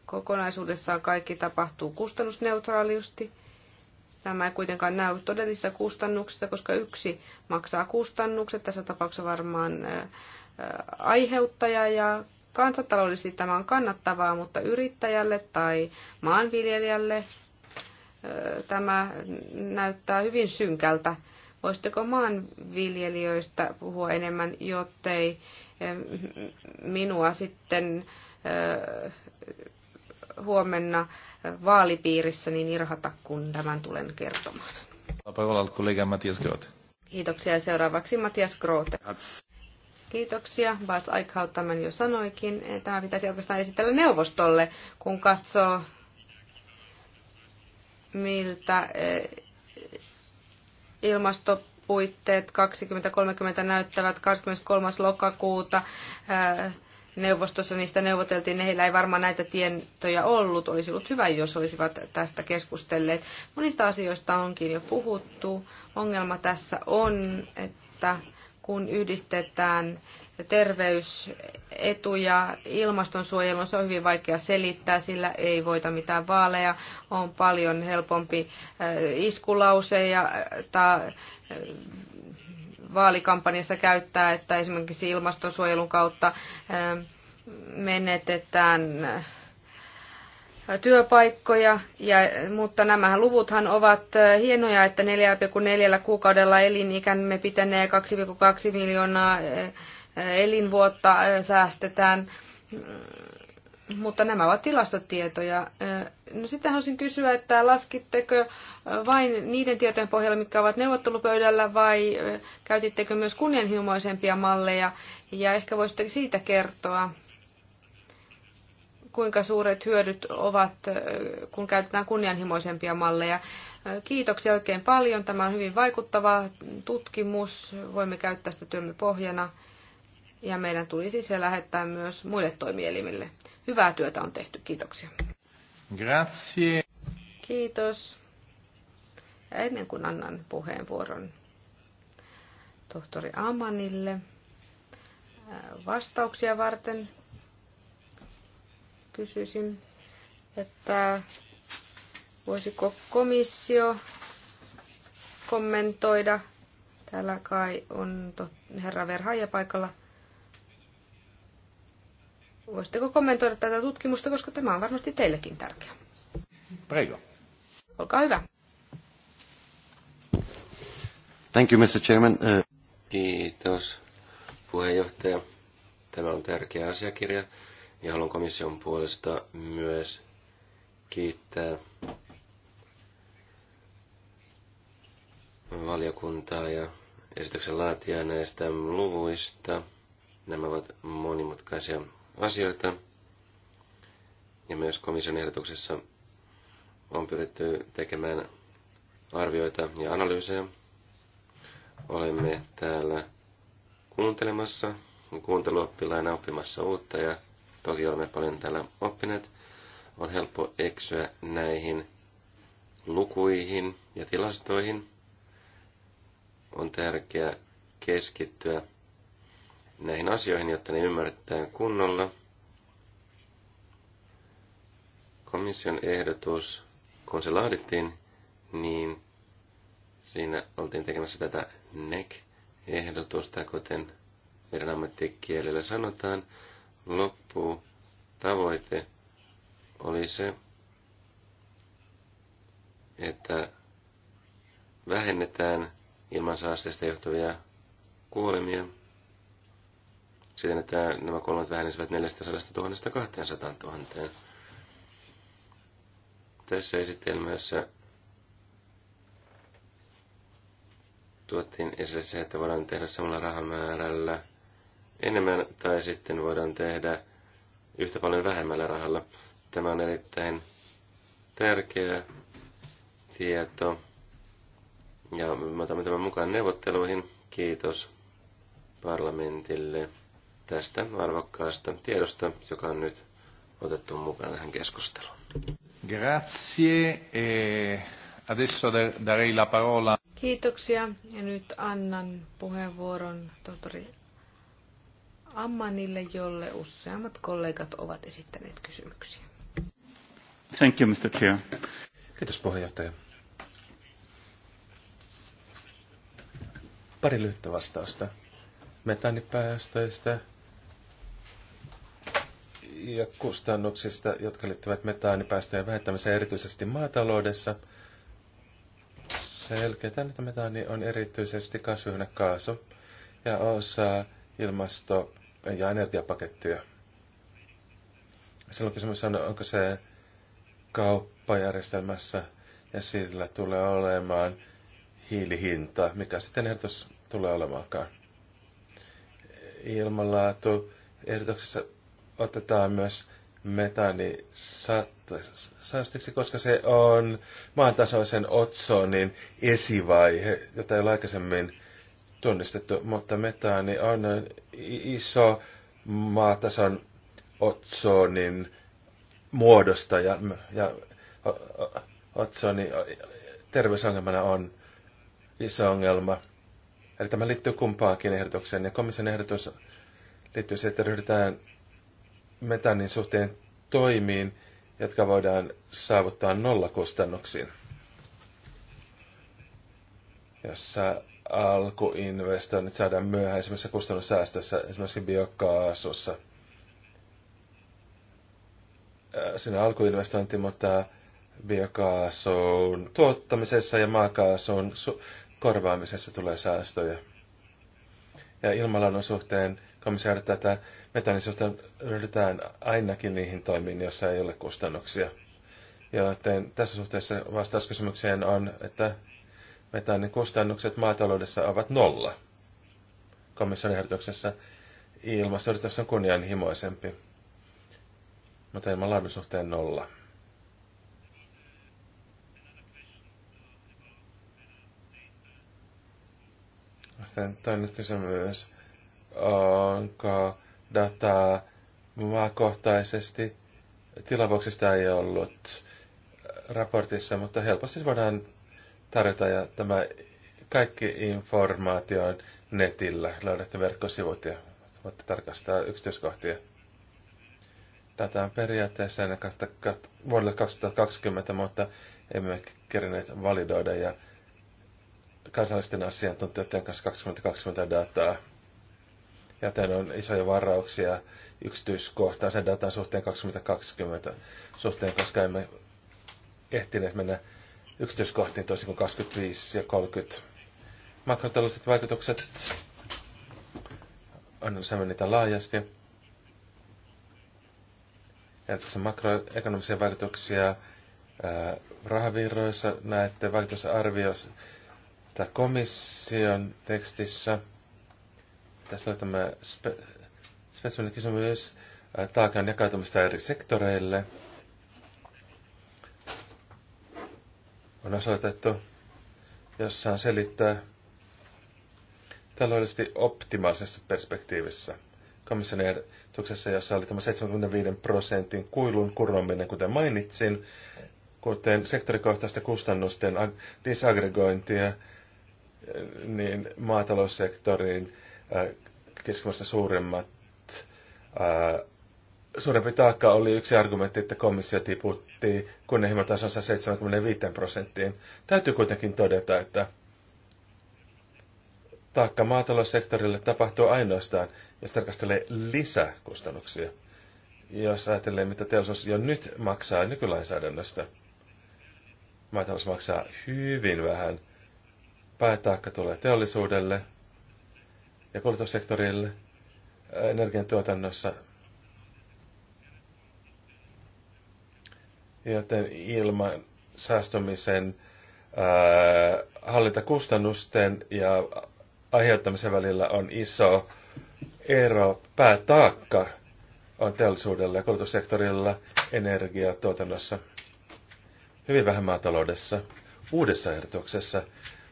kokonaisuudessaan kaikki tapahtuu kustannusneutraalisti. Tämä ei kuitenkaan näy todellisissa kustannuksissa, koska yksi maksaa kustannukset, tässä tapauksessa varmaan aiheuttaja, ja kansantaloudellisesti tämä on kannattavaa, mutta yrittäjälle tai maanviljelijälle tämä näyttää hyvin synkältä. Voisitteko maanviljelijöistä puhua enemmän, jottei minua sitten huomenna vaalipiirissä, niin irhata, kun tämän tulen kertomaan. kollega Matias Kiitoksia. Seuraavaksi Matias Grote. Kiitoksia. Bas Aikhaut tämän jo sanoikin. Tämä pitäisi oikeastaan esitellä neuvostolle, kun katsoo, miltä eh, ilmastopuitteet 2030 näyttävät 23. lokakuuta. Eh, neuvostossa niistä neuvoteltiin, heillä ei varmaan näitä tietoja ollut. Olisi ollut hyvä, jos olisivat tästä keskustelleet. Monista asioista onkin jo puhuttu. Ongelma tässä on, että kun yhdistetään terveysetuja ilmastonsuojelun, se on hyvin vaikea selittää, sillä ei voita mitään vaaleja, on paljon helpompi äh, iskulauseja tai äh, vaalikampanjassa käyttää, että esimerkiksi ilmastonsuojelun kautta menetetään työpaikkoja, ja, mutta nämä luvuthan ovat hienoja, että 4,4 kuukaudella elinikämme pitenee 2,2 miljoonaa elinvuotta säästetään mutta nämä ovat tilastotietoja. No sitten haluaisin kysyä, että laskitteko vain niiden tietojen pohjalta, mitkä ovat neuvottelupöydällä, vai käytittekö myös kunnianhimoisempia malleja? Ja ehkä voisitte siitä kertoa, kuinka suuret hyödyt ovat, kun käytetään kunnianhimoisempia malleja. Kiitoksia oikein paljon. Tämä on hyvin vaikuttava tutkimus. Voimme käyttää sitä työmme pohjana. Ja meidän tulisi se lähettää myös muille toimielimille hyvää työtä on tehty. Kiitoksia. Grazie. Kiitos. Ja ennen kuin annan puheenvuoron tohtori Amanille äh, vastauksia varten, kysyisin, että voisiko komissio kommentoida. Täällä kai on herra Verhaaja paikalla. Voisitteko kommentoida tätä tutkimusta, koska tämä on varmasti teillekin tärkeä. Prego. Olkaa hyvä. Thank you, Mr. Chairman. Uh, Kiitos, puheenjohtaja. Tämä on tärkeä asiakirja ja haluan komission puolesta myös kiittää valiokuntaa ja esityksen laatijaa näistä luvuista. Nämä ovat monimutkaisia asioita. Ja myös komission ehdotuksessa on pyritty tekemään arvioita ja analyysejä. Olemme täällä kuuntelemassa, kuunteluoppilaina oppimassa uutta ja toki olemme paljon täällä oppineet. On helppo eksyä näihin lukuihin ja tilastoihin. On tärkeää keskittyä näihin asioihin, jotta ne ymmärretään kunnolla. Komission ehdotus, kun se laadittiin, niin siinä oltiin tekemässä tätä NEC-ehdotusta, kuten meidän ammattikielellä sanotaan. Loppu tavoite oli se, että vähennetään ilmansaasteista johtuvia kuolemia siten, että nämä kolmat vähenisivät 400 000 200 000. Tässä esitelmässä tuottiin esille se, että voidaan tehdä samalla rahamäärällä enemmän tai sitten voidaan tehdä yhtä paljon vähemmällä rahalla. Tämä on erittäin tärkeä tieto. Ja me otamme tämän mukaan neuvotteluihin. Kiitos parlamentille tästä arvokkaasta tiedosta, joka on nyt otettu mukaan tähän keskusteluun. Grazie. E adesso darei la parola. Kiitoksia. Ja nyt annan puheenvuoron tohtori Ammanille, jolle useammat kollegat ovat esittäneet kysymyksiä. Thank you, Mr. Chair. Kiitos puheenjohtaja. Pari lyhyttä vastausta. Metaanipäästöistä ja kustannuksista, jotka liittyvät metaanipäästöjen vähentämiseen erityisesti maataloudessa. Selkeätä, että metaani on erityisesti kasvihuonekaasu ja osa ilmasto- ja energiapakettia. Silloin kysymys on, onko se kauppajärjestelmässä ja sillä tulee olemaan hiilihinta, mikä sitten ehdotus tulee olemaankaan. Ilmanlaatu ehdotuksessa otetaan myös metani saasteeksi, koska se on maantasoisen otsonin esivaihe, jota ei ole aikaisemmin tunnistettu, mutta metaani on iso maatason otsonin muodosta ja, ja otsoni terveysongelmana on iso ongelma. Eli tämä liittyy kumpaankin ehdotukseen ja komission ehdotus liittyy siihen, että ryhdytään metanin suhteen toimiin, jotka voidaan saavuttaa nollakustannuksiin, jossa alkuinvestoinnit saadaan myöhäisemmässä kustannussäästössä, esimerkiksi biokaasussa. Siinä alkuinvestointi, mutta biokaasun tuottamisessa ja maakaasun korvaamisessa tulee säästöjä. Ja ilmalannon suhteen komissaari tätä metanisuutta ryhdytään ainakin niihin toimiin, joissa ei ole kustannuksia. Joten tässä suhteessa vastaus kysymykseen on, että metaanin kustannukset maataloudessa ovat nolla. Komission ehdotuksessa ilmastoyritys on kunnianhimoisempi, mutta ilman laadun suhteen nolla. Sitten toinen kysymys onko dataa maakohtaisesti. Tilavuoksista ei ollut raportissa, mutta helposti voidaan tarjota ja tämä kaikki informaatio on netillä. Löydätte verkkosivut ja voitte tarkastaa yksityiskohtia. Data on periaatteessa ennen vuodelle 2020, mutta emme kerineet validoida ja kansallisten asiantuntijoiden kanssa 2020 dataa ja tämän on isoja varauksia yksityiskohtaisen datan suhteen 2020 suhteen, koska emme ehtineet mennä yksityiskohtiin toisin kuin 25 ja 30. Makrotaloudelliset vaikutukset, analysoimme niitä laajasti. Ehdotuksen makroekonomisia vaikutuksia rahavirroissa näette vaikutusarviossa tai komission tekstissä – tässä on tämä spe, spesiaalinen kysymys äh, taakan jakautumista eri sektoreille. On osoitettu, jossa selittää taloudellisesti optimaalisessa perspektiivissä. Komission ehdotuksessa, jossa oli tämä 75 prosentin kuilun kurominen, kuten mainitsin, kuten sektorikohtaista kustannusten disaggregointia, niin maataloussektorin keskimääräistä suuremmat, suurempi taakka oli yksi argumentti, että komissio tiputti kunnianhimotasonsa 75 prosenttiin. Täytyy kuitenkin todeta, että taakka maataloussektorille tapahtuu ainoastaan, jos tarkastelee lisäkustannuksia. Jos ajattelee, mitä teollisuus jo nyt maksaa nykylainsäädännöstä, maatalous maksaa hyvin vähän. Päätaakka tulee teollisuudelle – ja kulutussektorille äh, energiantuotannossa. Joten ilman säästämisen äh, hallintakustannusten ja aiheuttamisen välillä on iso ero. Päätaakka on teollisuudella ja kulutussektorilla energiatuotannossa. Hyvin vähän maataloudessa. Uudessa ehdotuksessa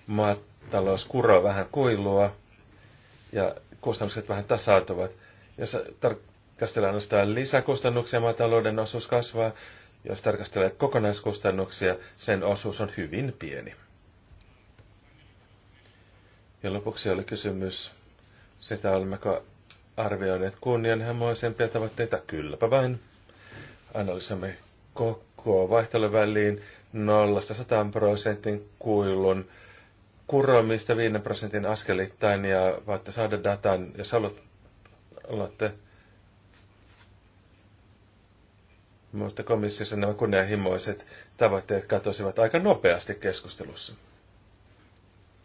maatalous kuroo vähän kuilua ja kustannukset vähän tasautuvat. Jos tarkastellaan nostaa lisäkustannuksia, maatalouden osuus kasvaa. Jos tarkastelee kokonaiskustannuksia, sen osuus on hyvin pieni. Ja lopuksi oli kysymys, sitä olemmeko arvioineet kunnianhimoisempia tavoitteita? Kylläpä vain. Analysoimme koko vaihteluväliin 0-100 prosentin kuilun kuromista 5 prosentin askelittain ja voitte saada datan, jos haluatte. Mutta komissiossa nämä kunnianhimoiset tavoitteet katosivat aika nopeasti keskustelussa.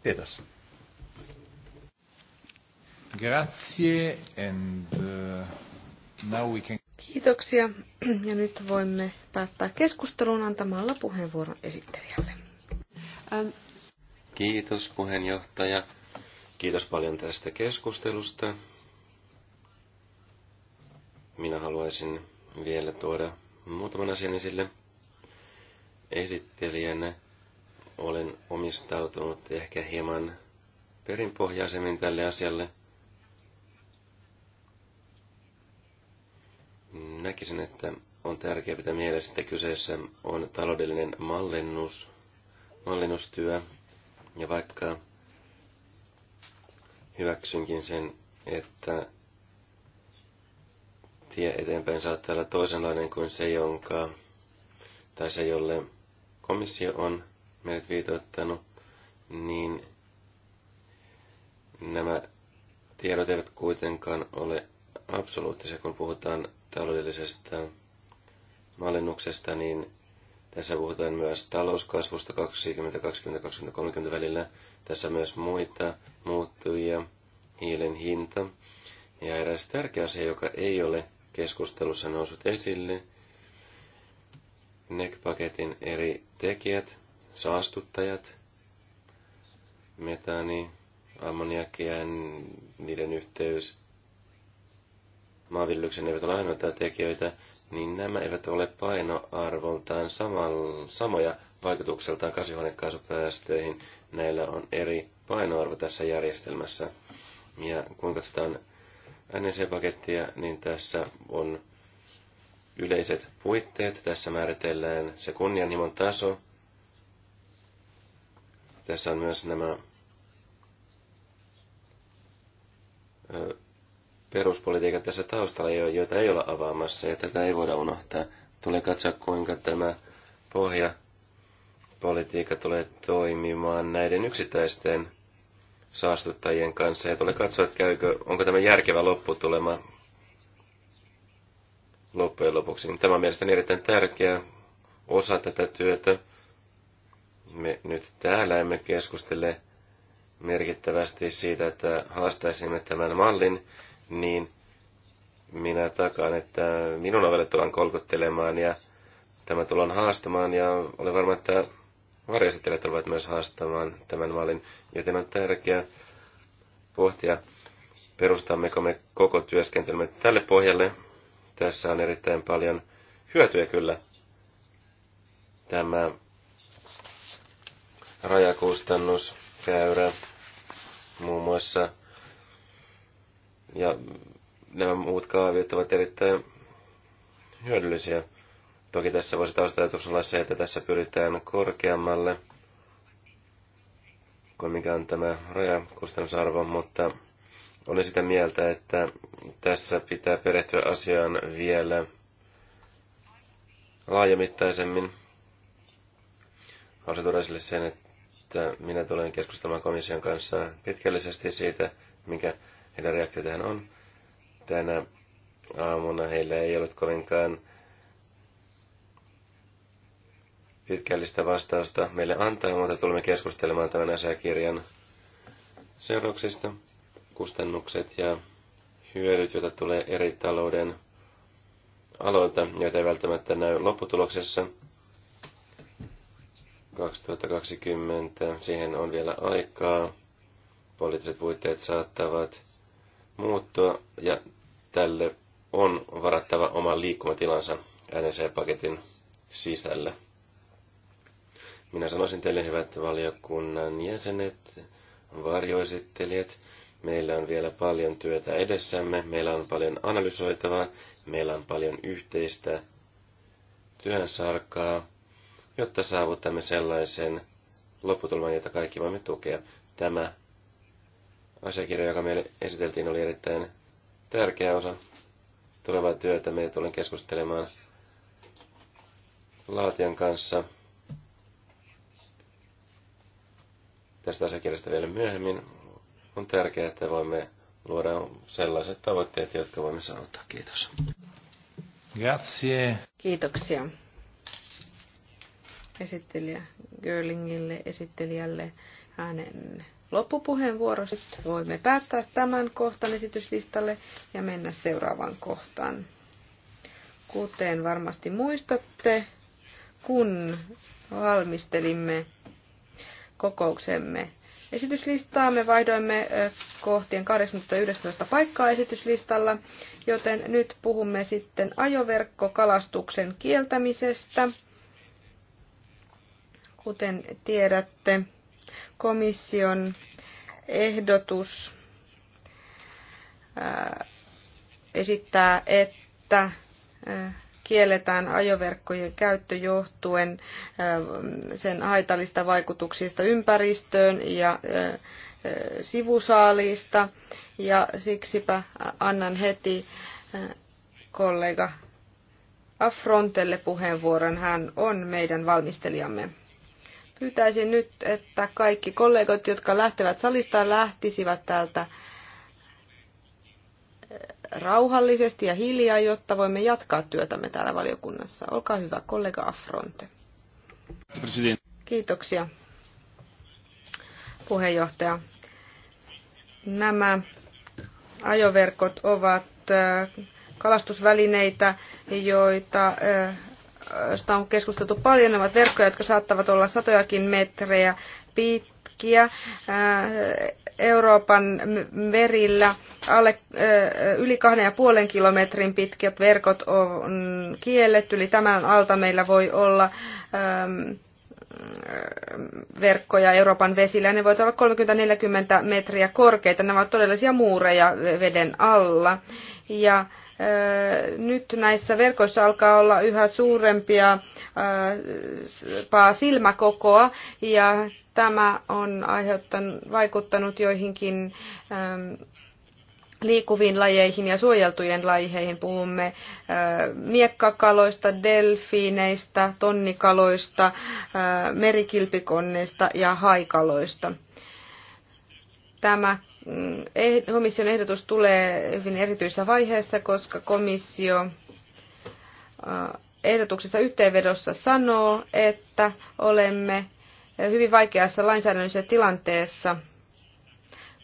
Kiitos. Grazie and uh, now we can... Kiitoksia. Ja nyt voimme päättää keskustelun antamalla puheenvuoron esittelijälle. Um, Kiitos puheenjohtaja. Kiitos paljon tästä keskustelusta. Minä haluaisin vielä tuoda muutaman asian esille. Esittelijänä olen omistautunut ehkä hieman perinpohjaisemmin tälle asialle. Näkisin, että on tärkeää pitää mielessä, että kyseessä on taloudellinen mallinnus, mallinnustyö, ja vaikka hyväksynkin sen, että tie eteenpäin saattaa olla toisenlainen kuin se, jonka tai se, jolle komissio on meidät viitoittanut, niin nämä tiedot eivät kuitenkaan ole absoluuttisia, kun puhutaan taloudellisesta mallinnuksesta, niin tässä puhutaan myös talouskasvusta 2020-2030 välillä. Tässä on myös muita muuttujia, hiilen hinta. Ja eräs tärkeä asia, joka ei ole keskustelussa noussut esille, NEC-paketin eri tekijät, saastuttajat, metaani, ammoniakki ja niiden yhteys. Maanviljelyksen eivät ole ainoita tekijöitä niin nämä eivät ole painoarvoltaan samal, samoja vaikutukseltaan kasvihuonekaasupäästöihin. Näillä on eri painoarvo tässä järjestelmässä. Ja kun katsotaan NEC-pakettia, niin tässä on yleiset puitteet. Tässä määritellään se kunnianhimon taso. Tässä on myös nämä peruspolitiikat tässä taustalla, joita ei olla avaamassa, ja tätä ei voida unohtaa. Tulee katsoa, kuinka tämä pohja politiikka tulee toimimaan näiden yksittäisten saastuttajien kanssa, ja tulee katsoa, että käykö, onko tämä järkevä lopputulema loppujen lopuksi. Niin tämä on mielestäni erittäin tärkeä osa tätä työtä. Me nyt täällä emme keskustele merkittävästi siitä, että haastaisimme tämän mallin, niin minä takaan, että minun ovelle tullaan kolkottelemaan ja tämä tullaan haastamaan ja olen varma, että varjoesittelijät tulevat myös haastamaan tämän mallin, joten on tärkeää pohtia, perustammeko me koko työskentelymme tälle pohjalle. Tässä on erittäin paljon hyötyä kyllä. Tämä rajakustannus, muun muassa ja nämä muut kaaviot ovat erittäin hyödyllisiä. Toki tässä voisi taustatajatus olla se, että tässä pyritään korkeammalle kuin mikä on tämä rajakustannusarvo, mutta olen sitä mieltä, että tässä pitää perehtyä asiaan vielä laajamittaisemmin. Haluaisin tuoda esille sen, että minä tulen keskustelemaan komission kanssa pitkällisesti siitä, mikä heidän reaktio tähän on. Tänä aamuna heillä ei ollut kovinkaan pitkällistä vastausta meille antaa, mutta tulemme keskustelemaan tämän asiakirjan seurauksista, kustannukset ja hyödyt, joita tulee eri talouden aloilta, joita ei välttämättä näy lopputuloksessa. 2020, siihen on vielä aikaa. Poliittiset puitteet saattavat muuttua ja tälle on varattava oman liikkumatilansa nse paketin sisällä. Minä sanoisin teille, hyvät valiokunnan jäsenet, varjoesittelijät, meillä on vielä paljon työtä edessämme, meillä on paljon analysoitavaa, meillä on paljon yhteistä työn sarkaa, jotta saavutamme sellaisen lopputulman, jota kaikki voimme tukea. Tämä asiakirja, joka meille esiteltiin, oli erittäin tärkeä osa tulevaa työtä. Me tulen keskustelemaan laatian kanssa tästä asiakirjasta vielä myöhemmin. On tärkeää, että voimme luoda sellaiset tavoitteet, jotka voimme saavuttaa. Kiitos. Grazie. Kiitoksia esittelijä Görlingille, esittelijälle, hänen loppupuheenvuorosta. Voimme päättää tämän kohtan esityslistalle ja mennä seuraavaan kohtaan. Kuten varmasti muistatte, kun valmistelimme kokouksemme esityslistaa. Me vaihdoimme kohtien 18 paikkaa esityslistalla, joten nyt puhumme sitten ajoverkkokalastuksen kieltämisestä. Kuten tiedätte, komission ehdotus esittää, että kielletään ajoverkkojen käyttö johtuen sen haitallista vaikutuksista ympäristöön ja sivusaaliista, Ja siksipä annan heti kollega Afrontelle puheenvuoron. Hän on meidän valmistelijamme. Pyytäisin nyt, että kaikki kollegot, jotka lähtevät salista, lähtisivät täältä eh, rauhallisesti ja hiljaa, jotta voimme jatkaa työtämme täällä valiokunnassa. Olkaa hyvä, kollega Afronte. Kiitoksia, puheenjohtaja. Nämä ajoverkot ovat eh, kalastusvälineitä, joita eh, josta on keskusteltu paljon. Ne ovat verkkoja, jotka saattavat olla satojakin metrejä pitkiä. Äh, Euroopan merillä alle, äh, yli kahden ja puolen kilometrin pitkät verkot on kielletty, eli tämän alta meillä voi olla ähm, äh, verkkoja Euroopan vesillä. Ne voivat olla 30-40 metriä korkeita. ne ovat todellisia muureja veden alla. Ja nyt näissä verkoissa alkaa olla yhä suurempia silmäkokoa ja tämä on aiheuttanut, vaikuttanut joihinkin liikuviin lajeihin ja suojeltujen lajeihin. Puhumme miekkakaloista, delfiineistä, tonnikaloista, merikilpikonneista ja haikaloista. Tämä Eh, komission ehdotus tulee hyvin erityisessä vaiheessa, koska komissio äh, ehdotuksessa yhteenvedossa sanoo, että olemme hyvin vaikeassa lainsäädännöllisessä tilanteessa.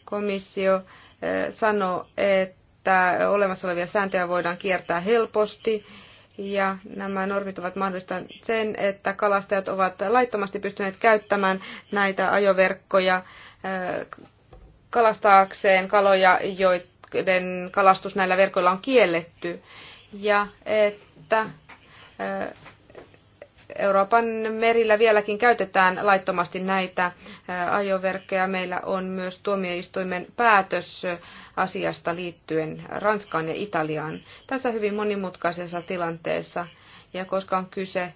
Komissio äh, sanoo, että olemassa olevia sääntöjä voidaan kiertää helposti ja nämä normit ovat mahdollistaneet sen, että kalastajat ovat laittomasti pystyneet käyttämään näitä ajoverkkoja äh, kalastaakseen kaloja, joiden kalastus näillä verkoilla on kielletty. Ja että Euroopan merillä vieläkin käytetään laittomasti näitä ajoverkkoja. Meillä on myös tuomioistuimen päätös asiasta liittyen Ranskaan ja Italiaan tässä hyvin monimutkaisessa tilanteessa. Ja koska on kyse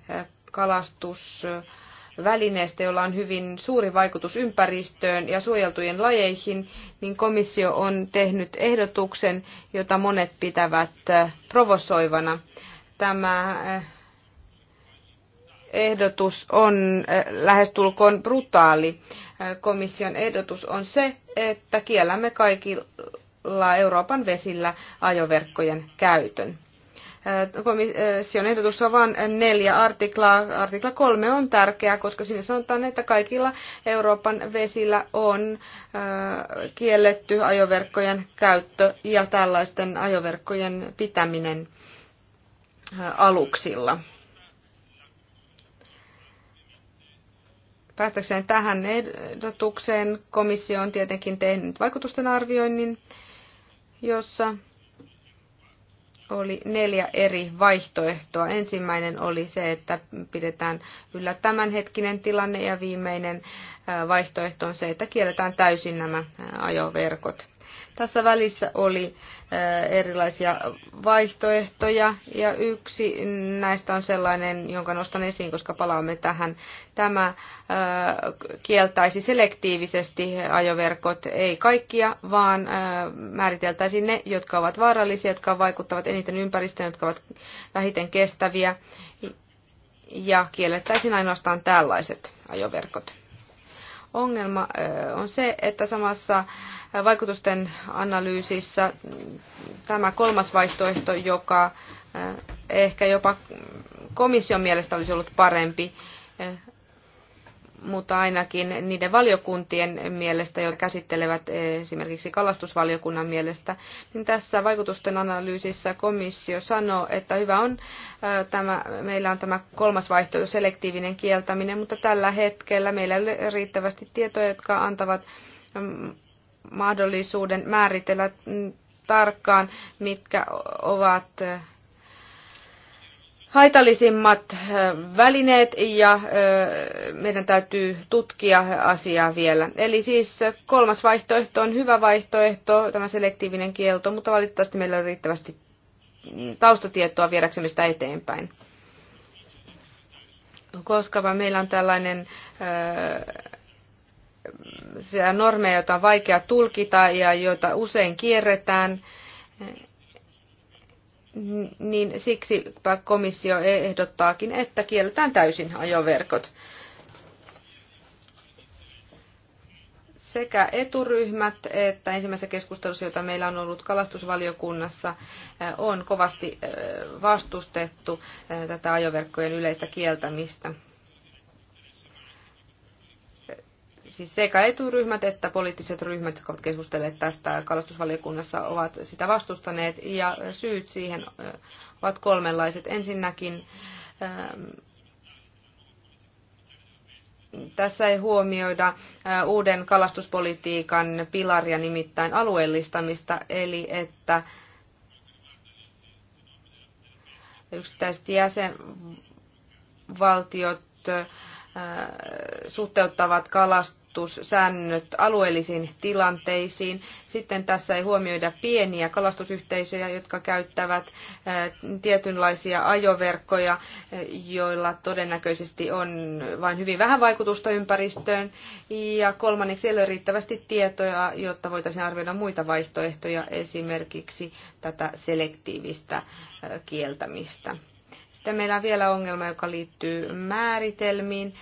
kalastus välineestä, jolla on hyvin suuri vaikutus ympäristöön ja suojeltujen lajeihin, niin komissio on tehnyt ehdotuksen, jota monet pitävät äh, provosoivana. Tämä äh, ehdotus on äh, lähestulkoon brutaali. Komission ehdotus on se, että kiellämme kaikilla Euroopan vesillä ajoverkkojen käytön komission ehdotus on vain neljä artiklaa. Artikla kolme on tärkeä, koska siinä sanotaan, että kaikilla Euroopan vesillä on kielletty ajoverkkojen käyttö ja tällaisten ajoverkkojen pitäminen aluksilla. Päästäkseen tähän ehdotukseen komissio on tietenkin tehnyt vaikutusten arvioinnin, jossa oli neljä eri vaihtoehtoa. Ensimmäinen oli se, että pidetään yllä tämänhetkinen tilanne ja viimeinen vaihtoehto on se, että kielletään täysin nämä ajoverkot. Tässä välissä oli äh, erilaisia vaihtoehtoja ja yksi näistä on sellainen, jonka nostan esiin, koska palaamme tähän. Tämä äh, kieltäisi selektiivisesti ajoverkot, ei kaikkia, vaan äh, määriteltäisiin ne, jotka ovat vaarallisia, jotka vaikuttavat eniten ympäristöön, jotka ovat vähiten kestäviä ja kiellettäisiin ainoastaan tällaiset ajoverkot. Ongelma on se, että samassa vaikutusten analyysissä tämä kolmas vaihtoehto, joka ehkä jopa komission mielestä olisi ollut parempi, mutta ainakin niiden valiokuntien mielestä, jotka käsittelevät esimerkiksi kalastusvaliokunnan mielestä, niin tässä vaikutusten analyysissä komissio sanoo, että hyvä on, tämä, meillä on tämä kolmas vaihtoehto, selektiivinen kieltäminen, mutta tällä hetkellä meillä ei ole riittävästi tietoja, jotka antavat mm, mahdollisuuden määritellä mm, tarkkaan, mitkä ovat haitallisimmat välineet ja meidän täytyy tutkia asiaa vielä. Eli siis kolmas vaihtoehto on hyvä vaihtoehto, tämä selektiivinen kielto, mutta valitettavasti meillä on riittävästi taustatietoa viedäksemme sitä eteenpäin. Koska meillä on tällainen normeja, joita on vaikea tulkita ja joita usein kierretään, niin siksi komissio ehdottaakin, että kielletään täysin ajoverkot. sekä eturyhmät että ensimmäisessä keskustelussa, jota meillä on ollut kalastusvaliokunnassa, on kovasti eh, vastustettu eh, tätä ajoverkkojen yleistä kieltämistä. siis sekä eturyhmät että poliittiset ryhmät, jotka ovat keskustelleet tästä kalastusvaliokunnassa, ovat sitä vastustaneet. Ja syyt siihen ovat kolmenlaiset. Ensinnäkin ähm, tässä ei huomioida äh, uuden kalastuspolitiikan pilaria nimittäin alueellistamista, eli että yksittäiset jäsenvaltiot äh, suhteuttavat kalastusta kalastussäännöt alueellisiin tilanteisiin. Sitten tässä ei huomioida pieniä kalastusyhteisöjä, jotka käyttävät tietynlaisia ajoverkkoja, joilla todennäköisesti on vain hyvin vähän vaikutusta ympäristöön. Ja kolmanneksi ei ole riittävästi tietoja, jotta voitaisiin arvioida muita vaihtoehtoja, esimerkiksi tätä selektiivistä kieltämistä. Sitten meillä on vielä ongelma, joka liittyy määritelmiin.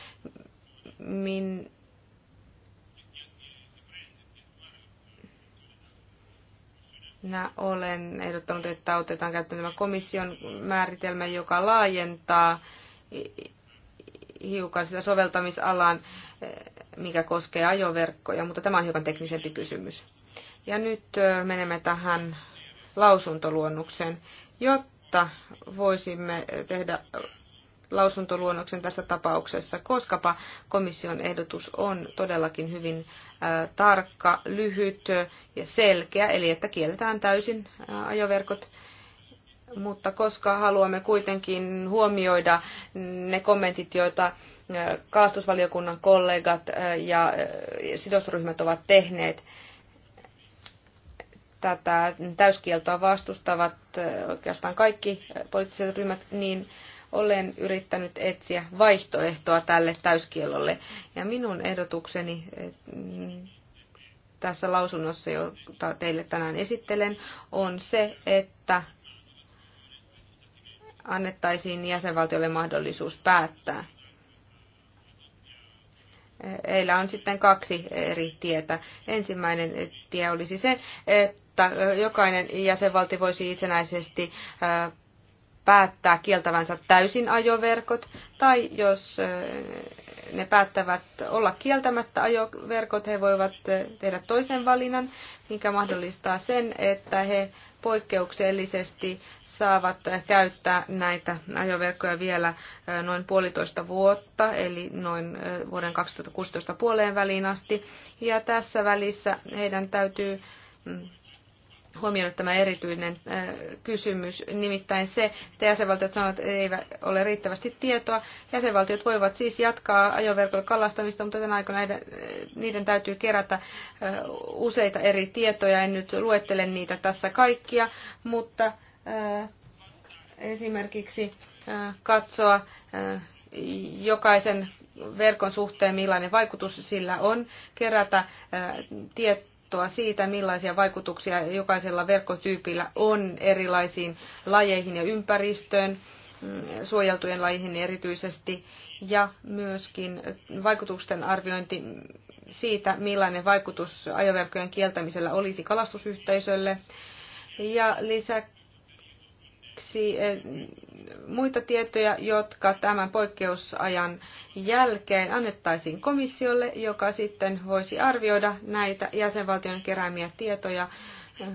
Minä olen ehdottanut, että otetaan käyttöön tämä komission määritelmä, joka laajentaa hiukan sitä soveltamisalan, eh, mikä koskee ajoverkkoja, mutta tämä on hiukan teknisempi kysymys. Ja nyt eh, menemme tähän lausuntoluonnokseen. Jotta voisimme tehdä lausuntoluonnoksen tässä tapauksessa, koskapa komission ehdotus on todellakin hyvin tarkka, lyhyt ja selkeä, eli että kielletään täysin ajoverkot mutta koska haluamme kuitenkin huomioida ne kommentit, joita kaastusvaliokunnan kollegat ja sidosryhmät ovat tehneet, tätä täyskieltoa vastustavat oikeastaan kaikki poliittiset ryhmät, niin olen yrittänyt etsiä vaihtoehtoa tälle täyskielolle. Ja minun ehdotukseni eh, tässä lausunnossa, jota teille tänään esittelen, on se, että annettaisiin jäsenvaltiolle mahdollisuus päättää. Heillä on sitten kaksi eri tietä. Ensimmäinen tie olisi se, että jokainen jäsenvaltio voisi itsenäisesti eh, päättää kieltävänsä täysin ajoverkot, tai jos ne päättävät olla kieltämättä ajoverkot, he voivat tehdä toisen valinnan, mikä mahdollistaa sen, että he poikkeuksellisesti saavat käyttää näitä ajoverkkoja vielä noin puolitoista vuotta, eli noin vuoden 2016 puoleen väliin asti. Ja tässä välissä heidän täytyy mm, huomioinut tämä erityinen kysymys, nimittäin se, että jäsenvaltiot sanovat, että ei ole riittävästi tietoa. Jäsenvaltiot voivat siis jatkaa ajoverkolla kalastamista, mutta tänä aikana niiden täytyy kerätä useita eri tietoja. En nyt luettele niitä tässä kaikkia, mutta esimerkiksi katsoa jokaisen verkon suhteen, millainen vaikutus sillä on, kerätä tietoja tietoa siitä, millaisia vaikutuksia jokaisella verkkotyypillä on erilaisiin lajeihin ja ympäristöön, mm, suojeltujen lajeihin erityisesti, ja myöskin vaikutusten arviointi siitä, millainen vaikutus ajoverkkojen kieltämisellä olisi kalastusyhteisölle. Ja lisäksi lisäksi eh, muita tietoja, jotka tämän poikkeusajan jälkeen annettaisiin komissiolle, joka sitten voisi arvioida näitä jäsenvaltion keräämiä tietoja eh,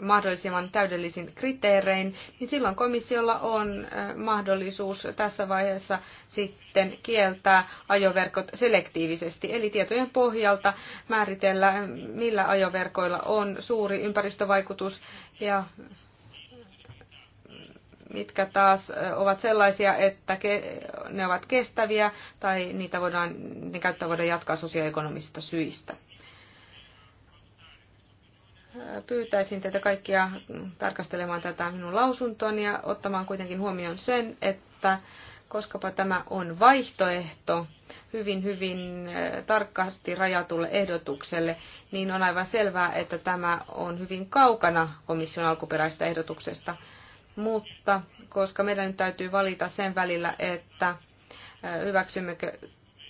mahdollisimman täydellisin kriteerein, niin silloin komissiolla on mahdollisuus tässä vaiheessa sitten kieltää ajoverkot selektiivisesti, eli tietojen pohjalta määritellä, millä ajoverkoilla on suuri ympäristövaikutus ja mm, mitkä taas ovat sellaisia, että ne ovat kestäviä tai niitä voidaan, ne käyttöä voidaan jatkaa sosioekonomisista syistä pyytäisin teitä kaikkia tarkastelemaan tätä minun lausuntoni ja ottamaan kuitenkin huomioon sen, että koskapa tämä on vaihtoehto hyvin, hyvin eh, tarkasti rajatulle ehdotukselle, niin on aivan selvää, että tämä on hyvin kaukana komission alkuperäisestä ehdotuksesta. Mutta koska meidän nyt täytyy valita sen välillä, että eh, hyväksymmekö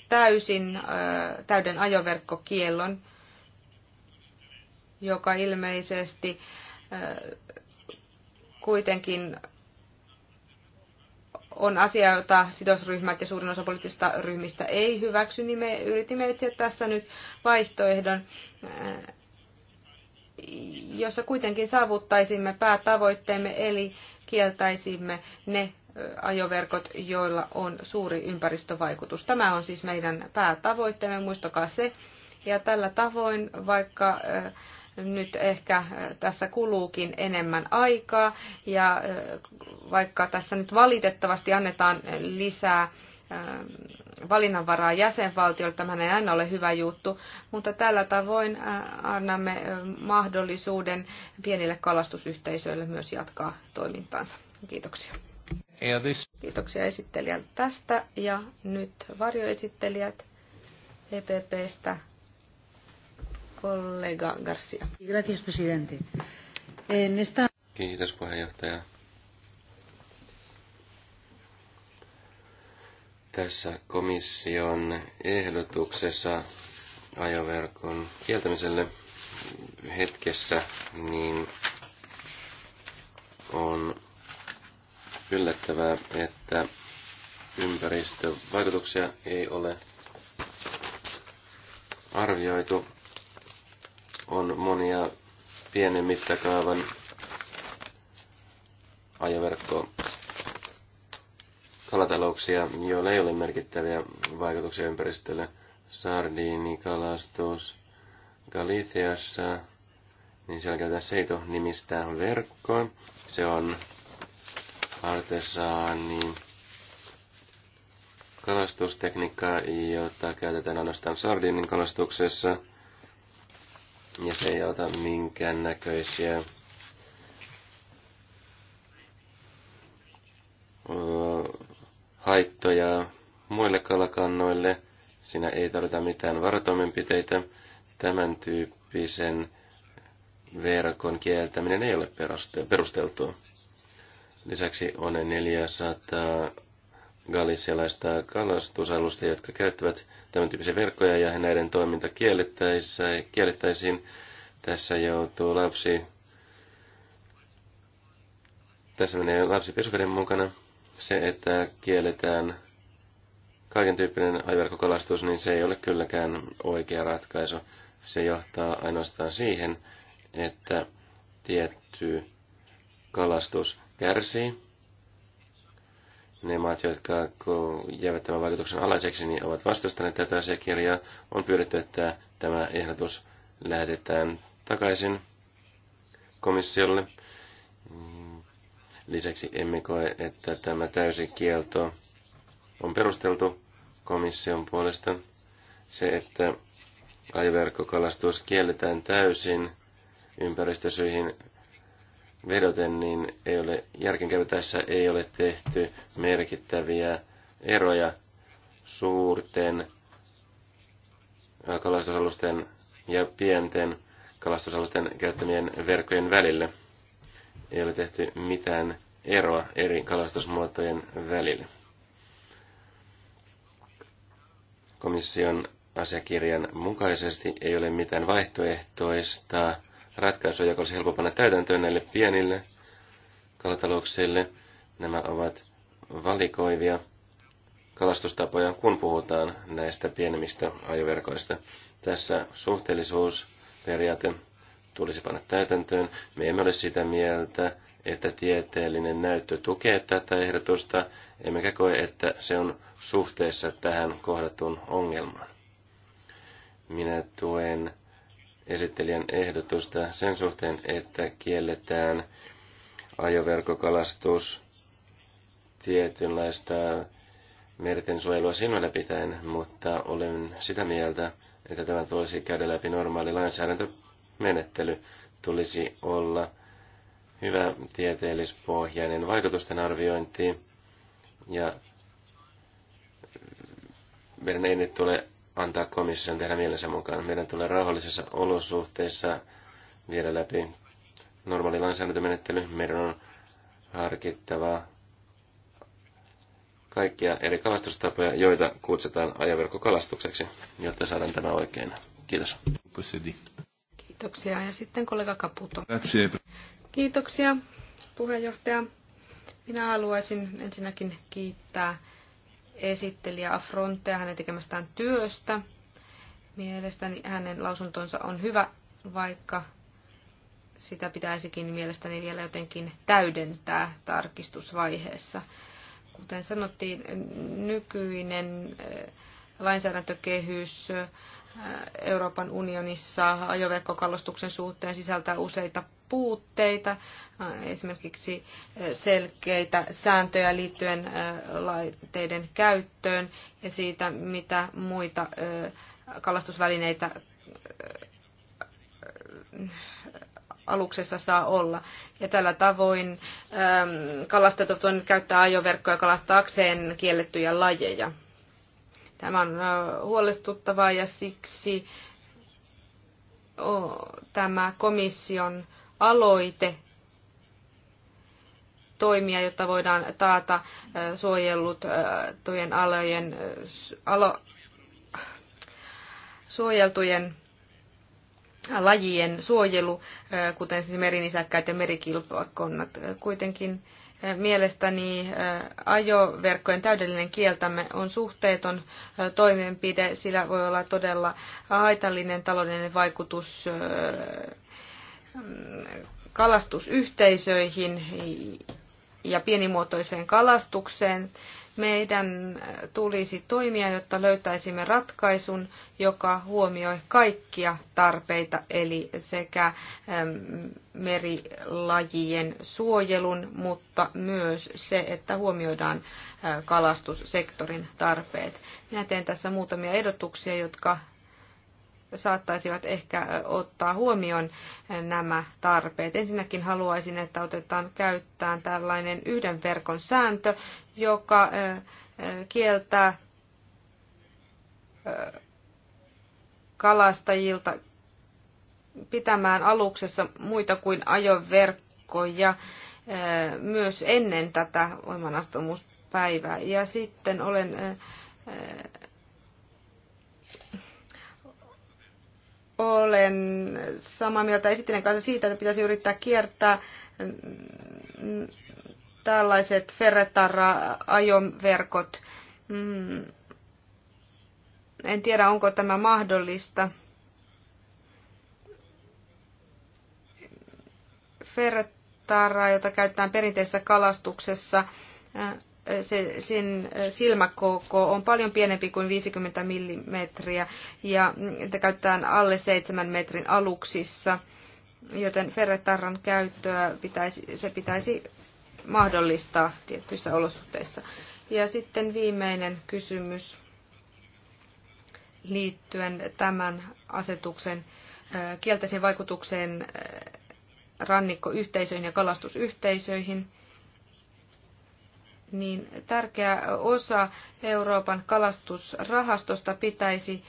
täysin eh, täyden ajoverkkokiellon, joka ilmeisesti kuitenkin on asia, jota sidosryhmät ja suurin osa poliittisista ryhmistä ei hyväksy, niin me yritimme etsiä tässä nyt vaihtoehdon, jossa kuitenkin saavuttaisimme päätavoitteemme, eli kieltäisimme ne ajoverkot, joilla on suuri ympäristövaikutus. Tämä on siis meidän päätavoitteemme, muistakaa se. Ja tällä tavoin, vaikka nyt ehkä äh, tässä kuluukin enemmän aikaa ja äh, vaikka tässä nyt valitettavasti annetaan lisää äh, valinnanvaraa jäsenvaltioille. Tämä ei aina ole hyvä juttu, mutta tällä tavoin annamme mahdollisuuden pienille kalastusyhteisöille myös jatkaa toimintaansa. Kiitoksia. Kiitoksia esittelijältä tästä ja nyt varjoesittelijät EPPstä kollega Garcia. Gracias, presidente. En esta... Kiitos puheenjohtaja. Tässä komission ehdotuksessa ajoverkon kieltämiselle hetkessä niin on yllättävää, että ympäristövaikutuksia ei ole arvioitu on monia pienen mittakaavan ajoverkko kalatalouksia, joilla ei ole merkittäviä vaikutuksia ympäristölle. Sardiinikalastus Galiciassa, niin siellä käytetään Seito nimistä verkkoa. Se on artesaani kalastustekniikkaa, jota käytetään ainoastaan sardinin kalastuksessa – ja se ei ota näköisiä haittoja muille kalakannoille. Siinä ei tarvita mitään varotoimenpiteitä. Tämän tyyppisen verkon kieltäminen ei ole perusteltua. Lisäksi on 400 galissialaista kalastusalusta, jotka käyttävät tämän tyyppisiä verkkoja ja näiden toiminta kiellettäisiin. Tässä joutuu lapsi, tässä menee lapsi pesuveden mukana. Se, että kielletään kaiken tyyppinen aiverkkokalastus, niin se ei ole kylläkään oikea ratkaisu. Se johtaa ainoastaan siihen, että tietty kalastus kärsii ne maat, jotka jäävät tämän vaikutuksen alaiseksi, niin ovat vastustaneet tätä asiakirjaa. On pyydetty, että tämä ehdotus lähetetään takaisin komissiolle. Lisäksi emme koe, että tämä täysi kielto on perusteltu komission puolesta. Se, että ajoverkkokalastus kielletään täysin ympäristösyihin vedoten, niin ei ole järkenkäyvä tässä ei ole tehty merkittäviä eroja suurten äh, kalastusalusten ja pienten kalastusalusten käyttämien verkkojen välille. Ei ole tehty mitään eroa eri kalastusmuotojen välille. Komission asiakirjan mukaisesti ei ole mitään vaihtoehtoista ratkaisuja, joka olisi helppo panna täytäntöön näille pienille kalatalouksille. Nämä ovat valikoivia kalastustapoja, kun puhutaan näistä pienemmistä ajoverkoista. Tässä suhteellisuusperiaate tulisi panna täytäntöön. Me emme ole sitä mieltä, että tieteellinen näyttö tukee tätä ehdotusta, emmekä koe, että se on suhteessa tähän kohdattuun ongelmaan. Minä tuen esittelijän ehdotusta sen suhteen, että kielletään ajoverkokalastus tietynlaista merten suojelua silmällä pitäen, mutta olen sitä mieltä, että tämä tulisi käydä läpi normaali lainsäädäntömenettely. Tulisi olla hyvä tieteellispohjainen vaikutusten arviointi ja meidän ei nyt tule antaa komission tehdä mielensä mukaan. Meidän tulee rauhallisissa olosuhteissa viedä läpi normaali lainsäädäntömenettely. Meidän on harkittava kaikkia eri kalastustapoja, joita kutsutaan ajaverkkokalastukseksi, jotta saadaan tämä oikein. Kiitos. Kiitoksia. Ja sitten kollega Kaputo. Kiitoksia, puheenjohtaja. Minä haluaisin ensinnäkin kiittää esittelijä Afrontea hänen tekemästään työstä. Mielestäni hänen lausuntonsa on hyvä, vaikka sitä pitäisikin mielestäni vielä jotenkin täydentää tarkistusvaiheessa. Kuten sanottiin, nykyinen eh, lainsäädäntökehys eh, Euroopan unionissa ajoverkkokalastuksen suhteen sisältää useita puutteita, esimerkiksi eh, selkeitä sääntöjä liittyen eh, laitteiden käyttöön ja siitä, mitä muita eh, kalastusvälineitä aluksessa saa olla. Ja tällä tavoin äm, kalastajat ovat käyttää ajoverkkoja kalastaakseen kiellettyjä lajeja. Tämä on huolestuttavaa ja siksi tämä komission aloite toimia, jotta voidaan taata tojen alojen, alo, suojeltujen lajien suojelu, kuten siis merinisäkkäät ja merikilpakonnat. Kuitenkin Mielestäni ajoverkkojen täydellinen kieltämme on suhteeton toimenpide, sillä voi olla todella haitallinen taloudellinen vaikutus kalastusyhteisöihin ja pienimuotoiseen kalastukseen. Meidän tulisi toimia, jotta löytäisimme ratkaisun, joka huomioi kaikkia tarpeita, eli sekä merilajien suojelun, mutta myös se, että huomioidaan kalastussektorin tarpeet. Minä teen tässä muutamia ehdotuksia, jotka saattaisivat ehkä ottaa huomioon nämä tarpeet. Ensinnäkin haluaisin, että otetaan käyttöön tällainen yhden verkon sääntö, joka kieltää kalastajilta pitämään aluksessa muita kuin ajoverkkoja myös ennen tätä voimanastomuuspäivää. Ja sitten olen olen samaa mieltä esittelen kanssa siitä, että pitäisi yrittää kiertää mm, tällaiset ferretarra ajoverkot mm. En tiedä, onko tämä mahdollista. Ferretara, jota käytetään perinteisessä kalastuksessa, äh, se, sen silmäkoko on paljon pienempi kuin 50 millimetriä ja niitä käytetään alle 7 metrin aluksissa, joten ferretarran käyttöä pitäisi, se pitäisi mahdollistaa tietyissä olosuhteissa. Ja sitten viimeinen kysymys liittyen tämän asetuksen kielteiseen vaikutukseen rannikkoyhteisöihin ja kalastusyhteisöihin – niin tärkeä osa Euroopan kalastusrahastosta pitäisi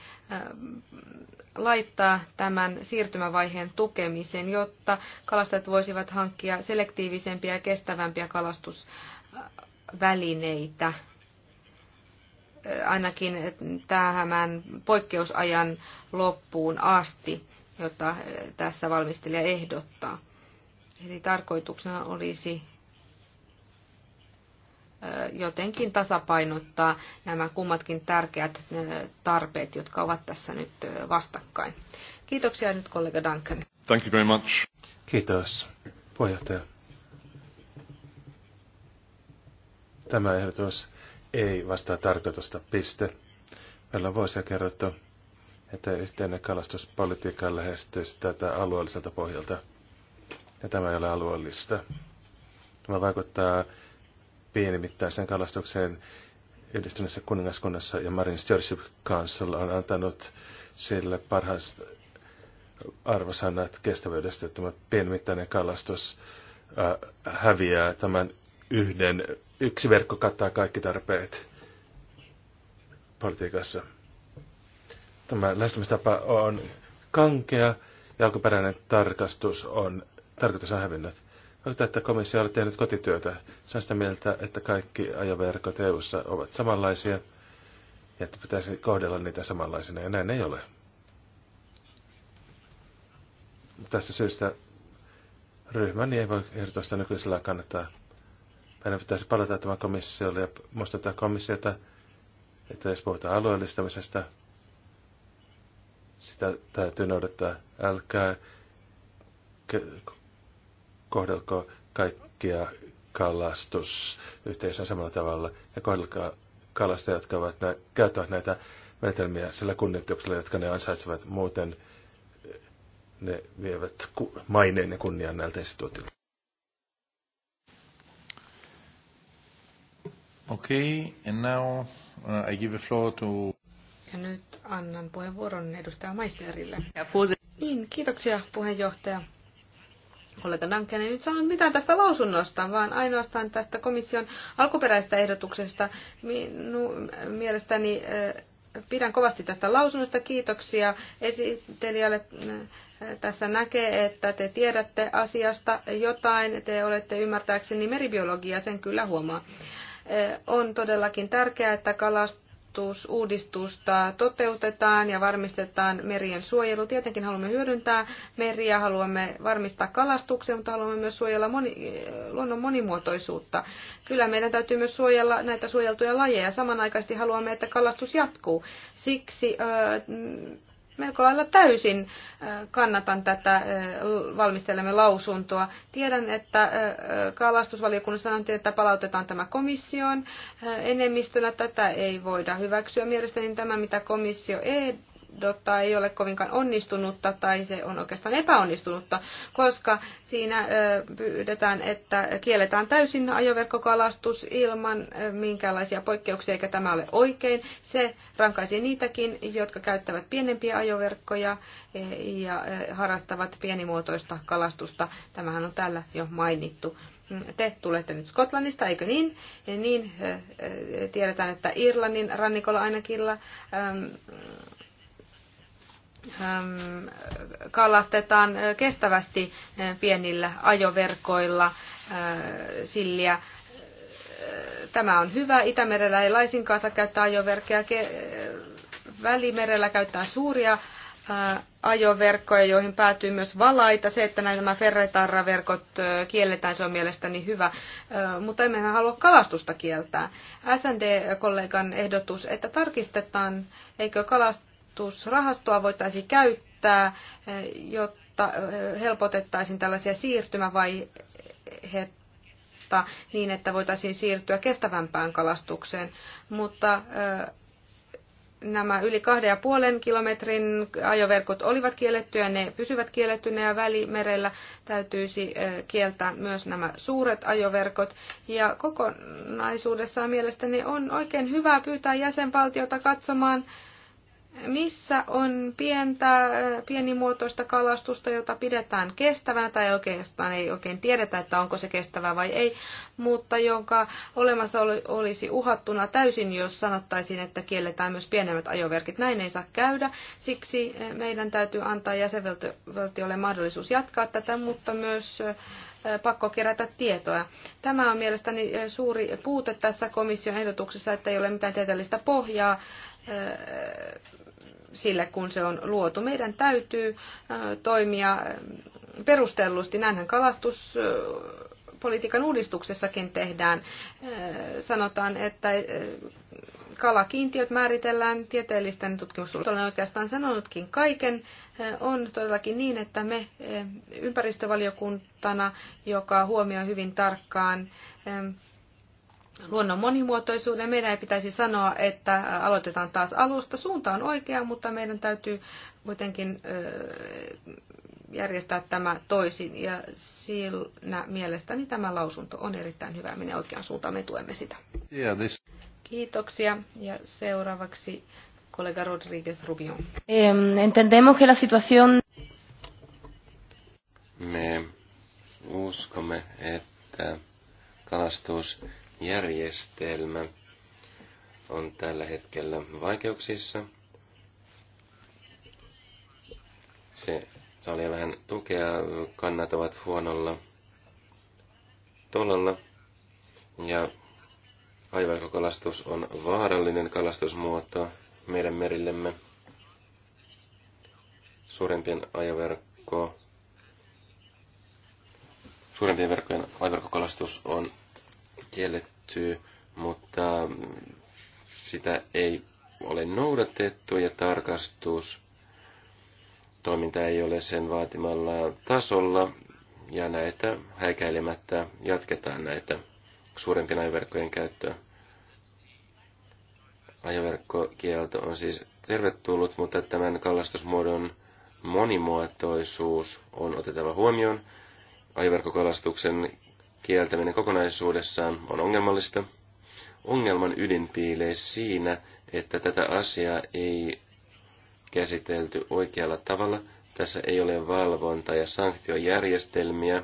laittaa tämän siirtymävaiheen tukemiseen, jotta kalastajat voisivat hankkia selektiivisempiä ja kestävämpiä kalastusvälineitä ainakin tähän poikkeusajan loppuun asti, jota tässä valmistelija ehdottaa. Eli tarkoituksena olisi jotenkin tasapainottaa nämä kummatkin tärkeät tarpeet, jotka ovat tässä nyt vastakkain. Kiitoksia nyt kollega Duncan. Thank you very much. Kiitos, puheenjohtaja. Tämä ehdotus ei vastaa tarkoitusta, piste. Meillä on vuosia kerrottu, että yhteinen kalastuspolitiikka lähestyisi tätä alueelliselta pohjalta. Ja tämä ei ole alueellista. Tämä vaikuttaa pienimittaiseen kalastukseen yhdistyneessä kuningaskunnassa ja Marin Stewardship Council on antanut sille parhaat arvosanat kestävyydestä, että tämä pienimittainen kalastus häviää tämän yhden, yksi verkko kattaa kaikki tarpeet politiikassa. Tämä lähestymistapa on kankea ja alkuperäinen tarkastus on, tarkoitus on hävinnyt. Hyvä, että komissio oli tehnyt kotityötä. Se on sitä mieltä, että kaikki ajoverkot eu ovat samanlaisia ja että pitäisi kohdella niitä samanlaisina, ja näin ei ole. Tästä syystä ryhmäni niin ei voi ehdotusta nykyisellä kannattaa. Meidän pitäisi palata tämän komissiolle ja muistuttaa komissiota, että jos puhutaan alueellistamisesta, sitä täytyy noudattaa. Älkää kohdelko kaikkia kalastusyhteisön samalla tavalla ja kohdelkaa kalastajat, jotka ovat nä- käyttävät näitä menetelmiä sillä kunnioituksella, jotka ne ansaitsevat. Muuten ne vievät ku- maineen ja kunnian näiltä instituutilta. Okay, and now uh, I give the floor to... Ja nyt annan puheenvuoron edustaja Maisterille. Niin, kiitoksia puheenjohtaja. Kollega Duncan ei nyt sanonut mitään tästä lausunnosta, vaan ainoastaan tästä komission alkuperäisestä ehdotuksesta. mielestäni eh, pidän kovasti tästä lausunnosta. Kiitoksia esittelijälle. Eh, tässä näkee, että te tiedätte asiasta jotain. Te olette ymmärtääkseni meribiologiaa, sen kyllä huomaa. Eh, on todellakin tärkeää, että kalast kalastusuudistusta toteutetaan ja varmistetaan merien suojelu. Tietenkin haluamme hyödyntää meriä, haluamme varmistaa kalastuksen, mutta haluamme myös suojella moni, luonnon monimuotoisuutta. Kyllä meidän täytyy myös suojella näitä suojeltuja lajeja. Samanaikaisesti haluamme, että kalastus jatkuu. Siksi melko lailla täysin kannatan tätä valmistelemme lausuntoa. Tiedän, että kalastusvaliokunnassa sanottiin, että palautetaan tämä komission enemmistönä. Tätä ei voida hyväksyä. Mielestäni tämä, mitä komissio ehdottaa ei ole kovinkaan onnistunutta tai se on oikeastaan epäonnistunutta, koska siinä pyydetään, että kielletään täysin ajoverkkokalastus ilman minkäänlaisia poikkeuksia, eikä tämä ole oikein. Se rankaisi niitäkin, jotka käyttävät pienempiä ajoverkkoja e, ja harrastavat pienimuotoista kalastusta. Tämähän on täällä jo mainittu te tulette nyt Skotlannista, eikö niin? Ja niin tiedetään, että Irlannin rannikolla ainakin Ähm, kalastetaan äh, kestävästi äh, pienillä ajoverkoilla äh, silliä. Tämä on hyvä. Itämerellä ei laisinkaan saa käyttää ajoverkkoja. Välimerellä käyttää suuria ajoverkkoja, joihin päätyy myös valaita. Se, että nämä ferretarraverkot kielletään, se on mielestäni hyvä, mutta emme halua kalastusta kieltää. SND-kollegan ehdotus, että tarkistetaan, eikö kalastusta vakautusrahastoa voitaisiin käyttää, jotta helpotettaisiin tällaisia siirtymävaiheita niin, että voitaisiin siirtyä kestävämpään kalastukseen. Mutta nämä yli kahden ja puolen kilometrin ajoverkot olivat kiellettyjä, ne pysyvät kiellettynä ja välimerellä täytyisi kieltää myös nämä suuret ajoverkot. Ja kokonaisuudessaan mielestäni on oikein hyvä pyytää jäsenvaltiota katsomaan missä on pientä, pienimuotoista kalastusta, jota pidetään kestävänä tai oikeastaan ei oikein tiedetä, että onko se kestävää vai ei, mutta jonka olemassa olisi uhattuna täysin, jos sanottaisiin, että kielletään myös pienemmät ajoverkit. Näin ei saa käydä, siksi eh, meidän täytyy antaa jäsenvaltiolle mahdollisuus jatkaa tätä, mutta myös eh, pakko kerätä tietoa. Tämä on mielestäni eh, suuri puute tässä komission ehdotuksessa, että ei ole mitään tieteellistä pohjaa sille, kun se on luotu. Meidän täytyy toimia perustellusti. Näinhän kalastuspolitiikan uudistuksessakin tehdään. Sanotaan, että kalakiintiöt määritellään tieteellisten tutkimustulosten. Olen oikeastaan sanonutkin kaiken. On todellakin niin, että me ympäristövaliokuntana, joka huomioi hyvin tarkkaan luonnon monimuotoisuuden. Meidän ei pitäisi sanoa, että aloitetaan taas alusta. Suunta on oikea, mutta meidän täytyy kuitenkin järjestää tämä toisin. Ja siinä mielestäni tämä lausunto on erittäin hyvä. Minä oikeaan suuntaan me tuemme sitä. Yeah, this... Kiitoksia. Ja seuraavaksi kollega Rodriguez Rubio. entendemos que la situación... Me uskomme, että kalastus järjestelmä on tällä hetkellä vaikeuksissa. Se saa liian vähän tukea, kannat ovat huonolla tolalla ja aivalkokalastus on vaarallinen kalastusmuoto meidän merillemme. Suurempien ajoverkko suurempien verkkojen aivarkokalastus on kielletty hyväksytty, mutta sitä ei ole noudatettu ja tarkastus toiminta ei ole sen vaatimalla tasolla ja näitä häikäilemättä jatketaan näitä suurempien ajoverkkojen käyttöä. Ajoverkkokielto on siis tervetullut, mutta tämän kalastusmuodon monimuotoisuus on otettava huomioon. Ajoverkkokalastuksen kieltäminen kokonaisuudessaan on ongelmallista. Ongelman ydin piilee siinä, että tätä asiaa ei käsitelty oikealla tavalla. Tässä ei ole valvonta- ja sanktiojärjestelmiä,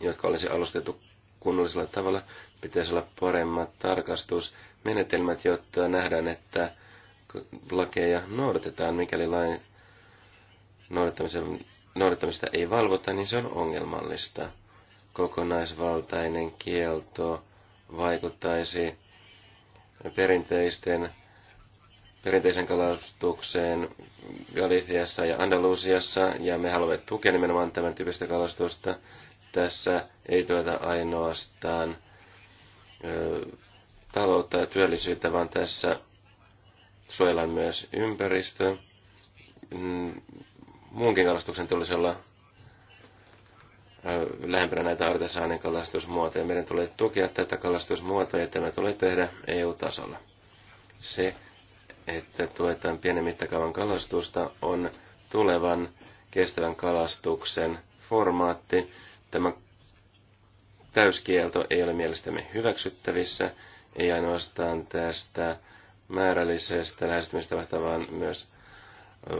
jotka olisi alustettu kunnollisella tavalla. Pitäisi olla paremmat tarkastusmenetelmät, jotta nähdään, että lakeja noudatetaan. Mikäli lain noudattamista ei valvota, niin se on ongelmallista kokonaisvaltainen kielto vaikuttaisi perinteisten, perinteisen kalastukseen Galiciassa ja Andalusiassa, ja me haluamme tukea nimenomaan tämän tyyppistä kalastusta. Tässä ei tueta ainoastaan ö, taloutta ja työllisyyttä, vaan tässä suojellaan myös ympäristö. Mm, muunkin kalastuksen tulisi olla lähempänä näitä artesaanin kalastusmuotoja. Meidän tulee tukea tätä kalastusmuotoa ja tämä tulee tehdä EU-tasolla. Se, että tuetaan pienen mittakaavan kalastusta, on tulevan kestävän kalastuksen formaatti. Tämä täyskielto ei ole mielestämme hyväksyttävissä, ei ainoastaan tästä määrällisestä lähestymistavasta, vaan myös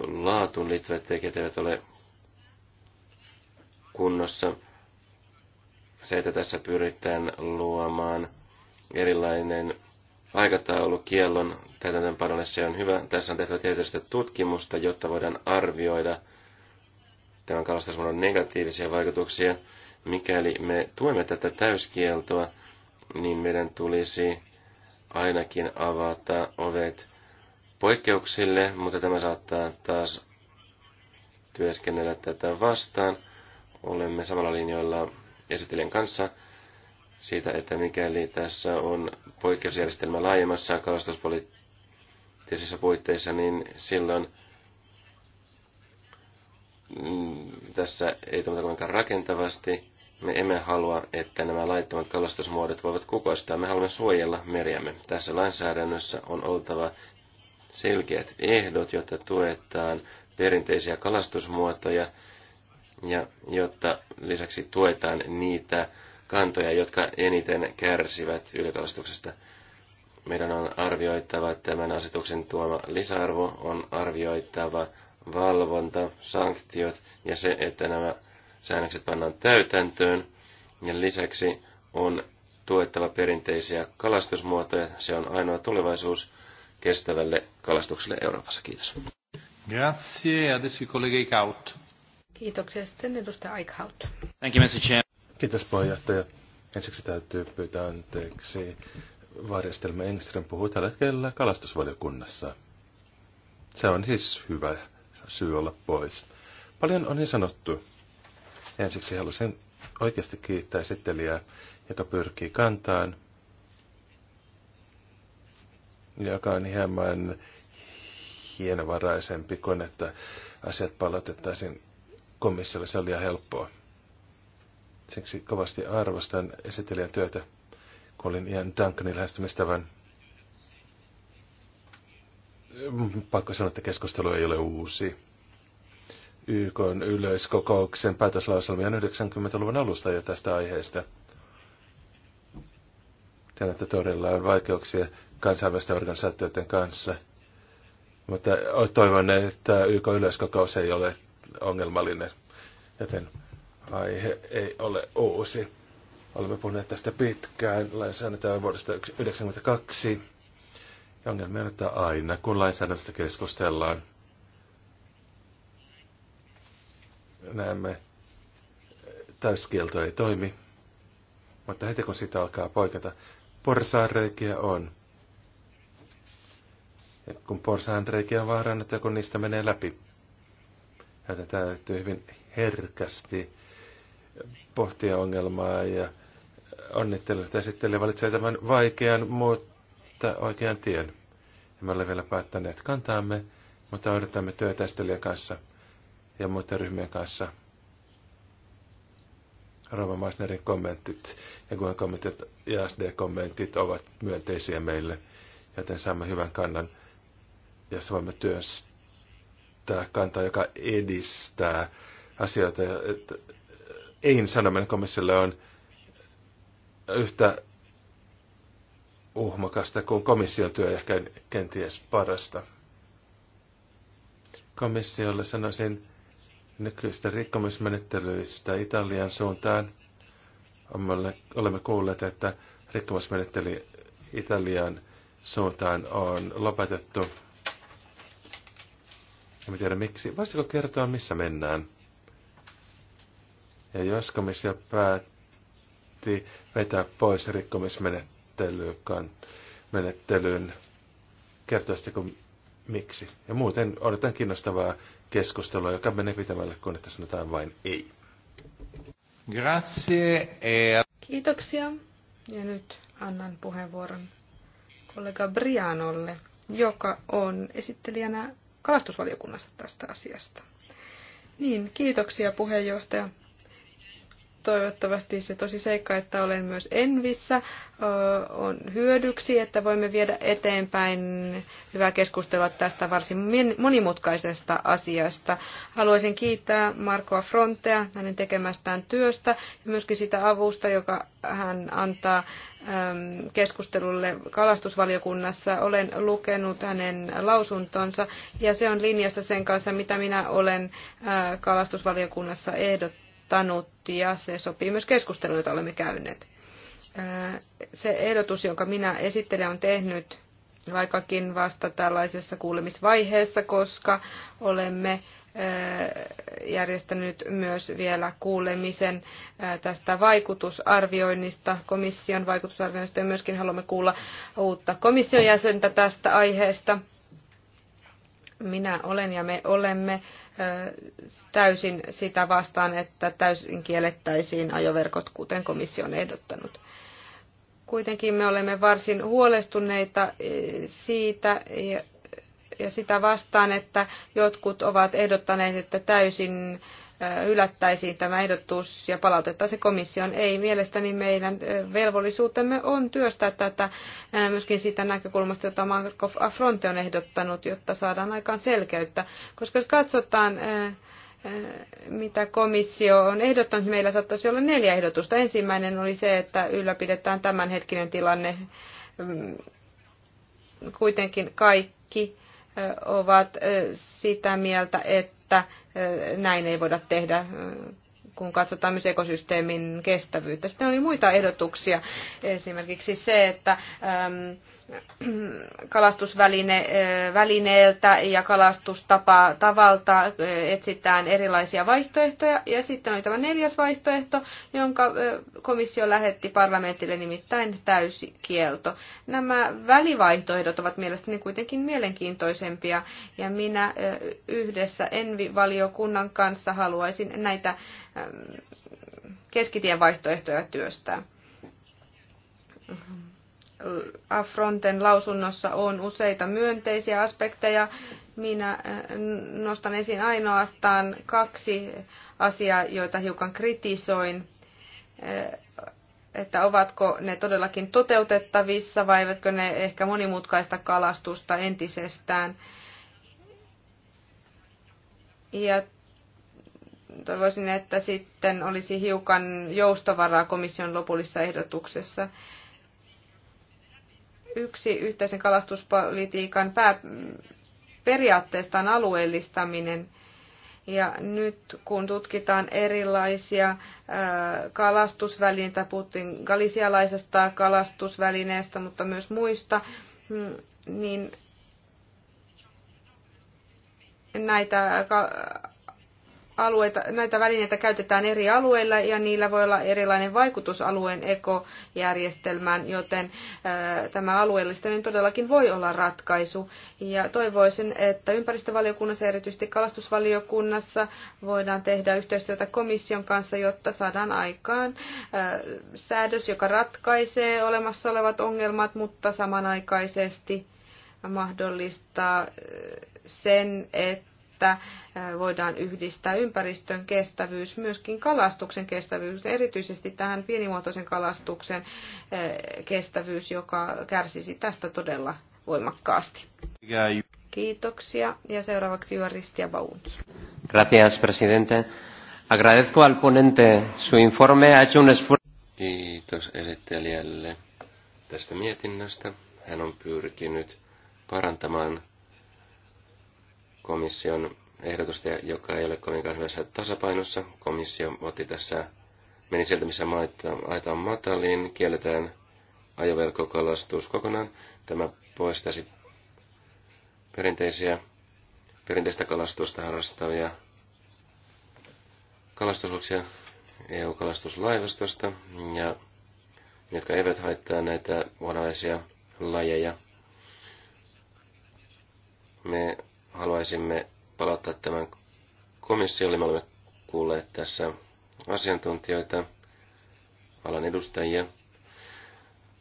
laatuun liittyvät tekijät eivät ole kunnossa. Se, että tässä pyritään luomaan erilainen aikataulu kiellon täytäntöönpanolle, se on hyvä. Tässä on tehtävä tietysti tutkimusta, jotta voidaan arvioida tämän kalastusmuodon negatiivisia vaikutuksia. Mikäli me tuemme tätä täyskieltoa, niin meidän tulisi ainakin avata ovet poikkeuksille, mutta tämä saattaa taas työskennellä tätä vastaan olemme samalla linjoilla esittelijän kanssa siitä, että mikäli tässä on poikkeusjärjestelmä laajemmassa kalastuspoliittisissa puitteissa, niin silloin mm, tässä ei toimita kuitenkaan rakentavasti. Me emme halua, että nämä laittomat kalastusmuodot voivat kukoistaa. Me haluamme suojella meriämme. Tässä lainsäädännössä on oltava selkeät ehdot, jotta tuetaan perinteisiä kalastusmuotoja – ja jotta lisäksi tuetaan niitä kantoja, jotka eniten kärsivät ylikalastuksesta. Meidän on arvioittava tämän asetuksen tuoma lisäarvo, on arvioittava valvonta, sanktiot ja se, että nämä säännökset pannaan täytäntöön. Ja lisäksi on tuettava perinteisiä kalastusmuotoja. Se on ainoa tulevaisuus kestävälle kalastukselle Euroopassa. Kiitos. Grazie. Adesso i colleghi Caut. Kiitoksia. Sitten edustaja Eichhout. Thank you, Mr. Kiitos puheenjohtaja. Ensiksi täytyy pyytää anteeksi. Varjastelma Engström puhuu tällä hetkellä kalastusvaliokunnassa. Se on siis hyvä syy olla pois. Paljon on niin sanottu. Ensiksi haluaisin oikeasti kiittää esittelijää, joka pyrkii kantaan, joka on hieman hienovaraisempi kuin, että asiat palautettaisiin komissiolle, se on liian helppoa. Siksi kovasti arvostan esittelijän työtä, kun olin Ian Duncanin lähestymistävän. Pakko sanoa, että keskustelu ei ole uusi. YK yleiskokouksen päätöslauselmia 90-luvun alusta jo tästä aiheesta. Tiedän, että todella on vaikeuksia kansainvälisten organisaatioiden kanssa. Mutta toivon, että YK yleiskokous ei ole ongelmallinen, joten aihe ei ole uusi. Olemme puhuneet tästä pitkään. Lainsäädäntö on vuodesta 1992. Ja ongelmia on, että aina kun lainsäädännöstä keskustellaan, näemme, täyskielto ei toimi. Mutta heti kun sitä alkaa poikata, porsaanreikiä on. Ja kun porsaanreikiä on vaarannut ja kun niistä menee läpi, hän täytyy hyvin herkästi pohtia ongelmaa ja onnittelut esittelee valitsee tämän vaikean, mutta oikean tien. Emme ole vielä päättäneet kantaamme, mutta odotamme työtäistelijän kanssa ja muiden ryhmien kanssa. Rova Meissnerin kommentit ja Guen kommentit ja SD-kommentit ovat myönteisiä meille, joten saamme hyvän kannan, ja voimme työstää ottaa kantaa, joka edistää asioita. Eh, Ei sanominen komissiolle on yhtä uhmakasta kuin komission työ ehkä kenties parasta. Komissiolle sanoisin nykyistä rikkomusmenettelyistä Italian suuntaan. Olemme kuulleet, että rikkomusmenettely Italian suuntaan on lopetettu mä tiedä miksi. Voisitko kertoa, missä mennään? Ja jos komissio päätti vetää pois rikkomismenettelyyn, Kertoisitko miksi? Ja muuten odotan kiinnostavaa keskustelua, joka menee pitämälle, kun että sanotaan vain ei. Grazie. E Kiitoksia. Ja nyt annan puheenvuoron kollega Brianolle, joka on esittelijänä Kalastusvaliokunnassa tästä asiasta. Niin, kiitoksia puheenjohtaja. Toivottavasti se tosi seikka, että olen myös Envissä, on hyödyksi, että voimme viedä eteenpäin hyvää keskustelua tästä varsin monimutkaisesta asiasta. Haluaisin kiittää Markoa Frontea hänen tekemästään työstä ja myöskin sitä avusta, joka hän antaa keskustelulle kalastusvaliokunnassa. Olen lukenut hänen lausuntonsa ja se on linjassa sen kanssa, mitä minä olen kalastusvaliokunnassa ehdottanut ehdottanut ja se sopii myös keskusteluun, jota olemme käyneet. Se ehdotus, jonka minä esittelen, on tehnyt vaikkakin vasta tällaisessa kuulemisvaiheessa, koska olemme järjestänyt myös vielä kuulemisen tästä vaikutusarvioinnista, komission vaikutusarvioinnista, ja myöskin haluamme kuulla uutta komission jäsentä tästä aiheesta. Minä olen ja me olemme täysin sitä vastaan, että täysin kiellettäisiin ajoverkot, kuten komissio on ehdottanut. Kuitenkin me olemme varsin huolestuneita siitä ja sitä vastaan, että jotkut ovat ehdottaneet, että täysin hylättäisiin tämä ehdotus ja palautettaisiin komission. Ei, mielestäni meidän velvollisuutemme on työstää tätä myöskin siitä näkökulmasta, jota Marco Affronte on ehdottanut, jotta saadaan aikaan selkeyttä. Koska jos katsotaan mitä komissio on ehdottanut, meillä saattaisi olla neljä ehdotusta. Ensimmäinen oli se, että ylläpidetään tämänhetkinen tilanne mm, kuitenkin kaikki ovat sitä mieltä, että näin ei voida tehdä kun katsotaan myös ekosysteemin kestävyyttä. Sitten oli muita ehdotuksia, esimerkiksi se, että kalastusvälineeltä ja kalastustapa tavalta etsitään erilaisia vaihtoehtoja. Ja sitten oli tämä neljäs vaihtoehto, jonka komissio lähetti parlamentille nimittäin täysikielto. Nämä välivaihtoehdot ovat mielestäni kuitenkin mielenkiintoisempia ja minä yhdessä Envi-valiokunnan kanssa haluaisin näitä keskitien vaihtoehtoja työstää. Afronten lausunnossa on useita myönteisiä aspekteja. Minä äh, nostan esiin ainoastaan kaksi asiaa, joita hiukan kritisoin äh, että ovatko ne todellakin toteutettavissa vai eivätkö ne ehkä monimutkaista kalastusta entisestään. Ja toivoisin, että sitten olisi hiukan joustovaraa komission lopullisessa ehdotuksessa. Yksi yhteisen kalastuspolitiikan pääperiaatteesta on alueellistaminen. Ja nyt kun tutkitaan erilaisia kalastusvälineitä, puhuttiin galisialaisesta kalastusvälineestä, mutta myös muista, mm, niin näitä alueita, näitä välineitä käytetään eri alueilla ja niillä voi olla erilainen vaikutus alueen ekojärjestelmään, joten tämä alueellistaminen todellakin voi olla ratkaisu. Ja toivoisin, että ympäristövaliokunnassa, erityisesti kalastusvaliokunnassa, voidaan tehdä yhteistyötä komission kanssa, jotta saadaan aikaan säädös, joka ratkaisee olemassa olevat ongelmat, mutta samanaikaisesti mahdollistaa sen, että että voidaan yhdistää ympäristön kestävyys, myöskin kalastuksen kestävyys, erityisesti tähän pienimuotoisen kalastuksen kestävyys, joka kärsisi tästä todella voimakkaasti. Kiitoksia ja seuraavaksi Juaristia Bauns. Gracias, presidente. Agradezco al ponente su informe. Ha hecho un esfuerzo. Kiitos esittelijälle tästä mietinnöstä. Hän on pyrkinyt parantamaan komission ehdotusta, joka ei ole kovinkaan hyvässä tasapainossa. Komissio otti tässä, meni sieltä, missä maita, aita on matalin, kielletään ajoverkkokalastus kokonaan. Tämä poistaisi perinteisiä, perinteistä kalastusta harrastavia kalastusluksia EU-kalastuslaivastosta, ja jotka eivät haittaa näitä uhanalaisia lajeja. Me haluaisimme palauttaa tämän komissiolle. Me olemme kuulleet tässä asiantuntijoita, alan edustajia.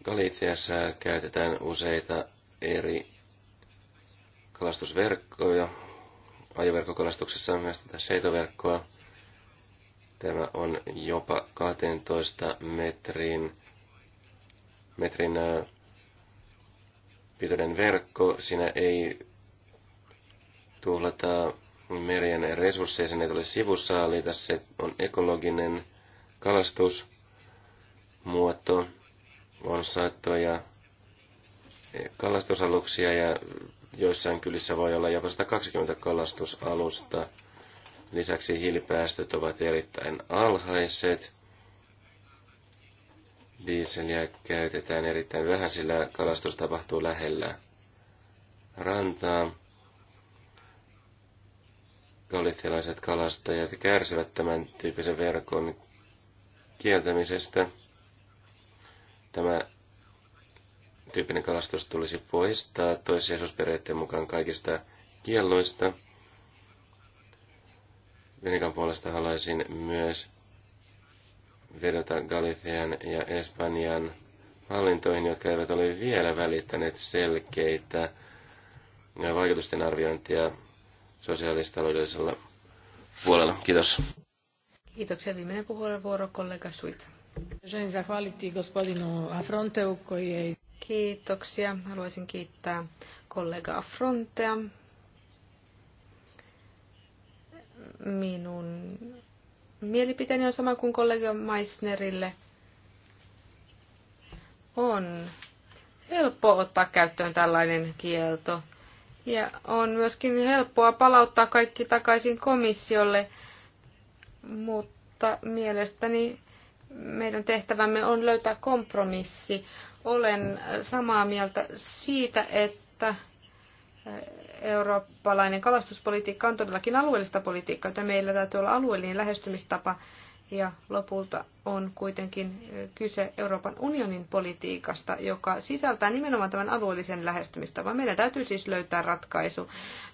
Galitiassa käytetään useita eri kalastusverkkoja, ajoverkkokalastuksessa myös tätä seitoverkkoa. Tämä on jopa 12 metrin, metrin pitoinen verkko. Siinä ei tuhlata merien resursseja, sen ei tule eli Tässä on ekologinen kalastusmuoto, on satoja kalastusaluksia ja joissain kylissä voi olla jopa 120 kalastusalusta. Lisäksi hiilipäästöt ovat erittäin alhaiset. Dieseliä käytetään erittäin vähän, sillä kalastus tapahtuu lähellä rantaa galitialaiset kalastajat kärsivät tämän tyyppisen verkon kieltämisestä. Tämä tyyppinen kalastus tulisi poistaa toissijaisuusperiaatteen mukaan kaikista kielloista. Venikan puolesta haluaisin myös vedota Galician ja Espanjan hallintoihin, jotka eivät ole vielä välittäneet selkeitä vaikutusten arviointia sosiaalistaloudellisella puolella. Kiitos. Kiitoksia. Viimeinen puheenvuoro kollega Suit. Kiitoksia. Haluaisin kiittää kollega Afrontea. Minun mielipiteeni on sama kuin kollega Meissnerille. On helppo ottaa käyttöön tällainen kielto. Ja on myöskin helppoa palauttaa kaikki takaisin komissiolle, mutta mielestäni meidän tehtävämme on löytää kompromissi. Olen samaa mieltä siitä, että eurooppalainen kalastuspolitiikka on todellakin alueellista politiikkaa, joten meillä täytyy olla alueellinen lähestymistapa ja lopulta on kuitenkin kyse Euroopan unionin politiikasta, joka sisältää nimenomaan tämän alueellisen lähestymistavan. Meidän täytyy siis löytää ratkaisu.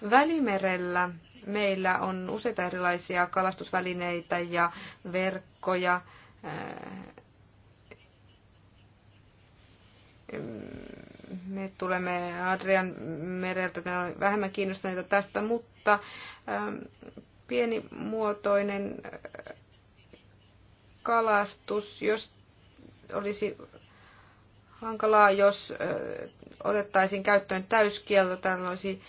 Välimerellä meillä on useita erilaisia kalastusvälineitä ja verkkoja. Me tulemme Adrian mereltä, vähemmän kiinnostuneita tästä, mutta pienimuotoinen kalastus, jos olisi hankalaa, jos otettaisiin käyttöön täyskielto, tällä olisi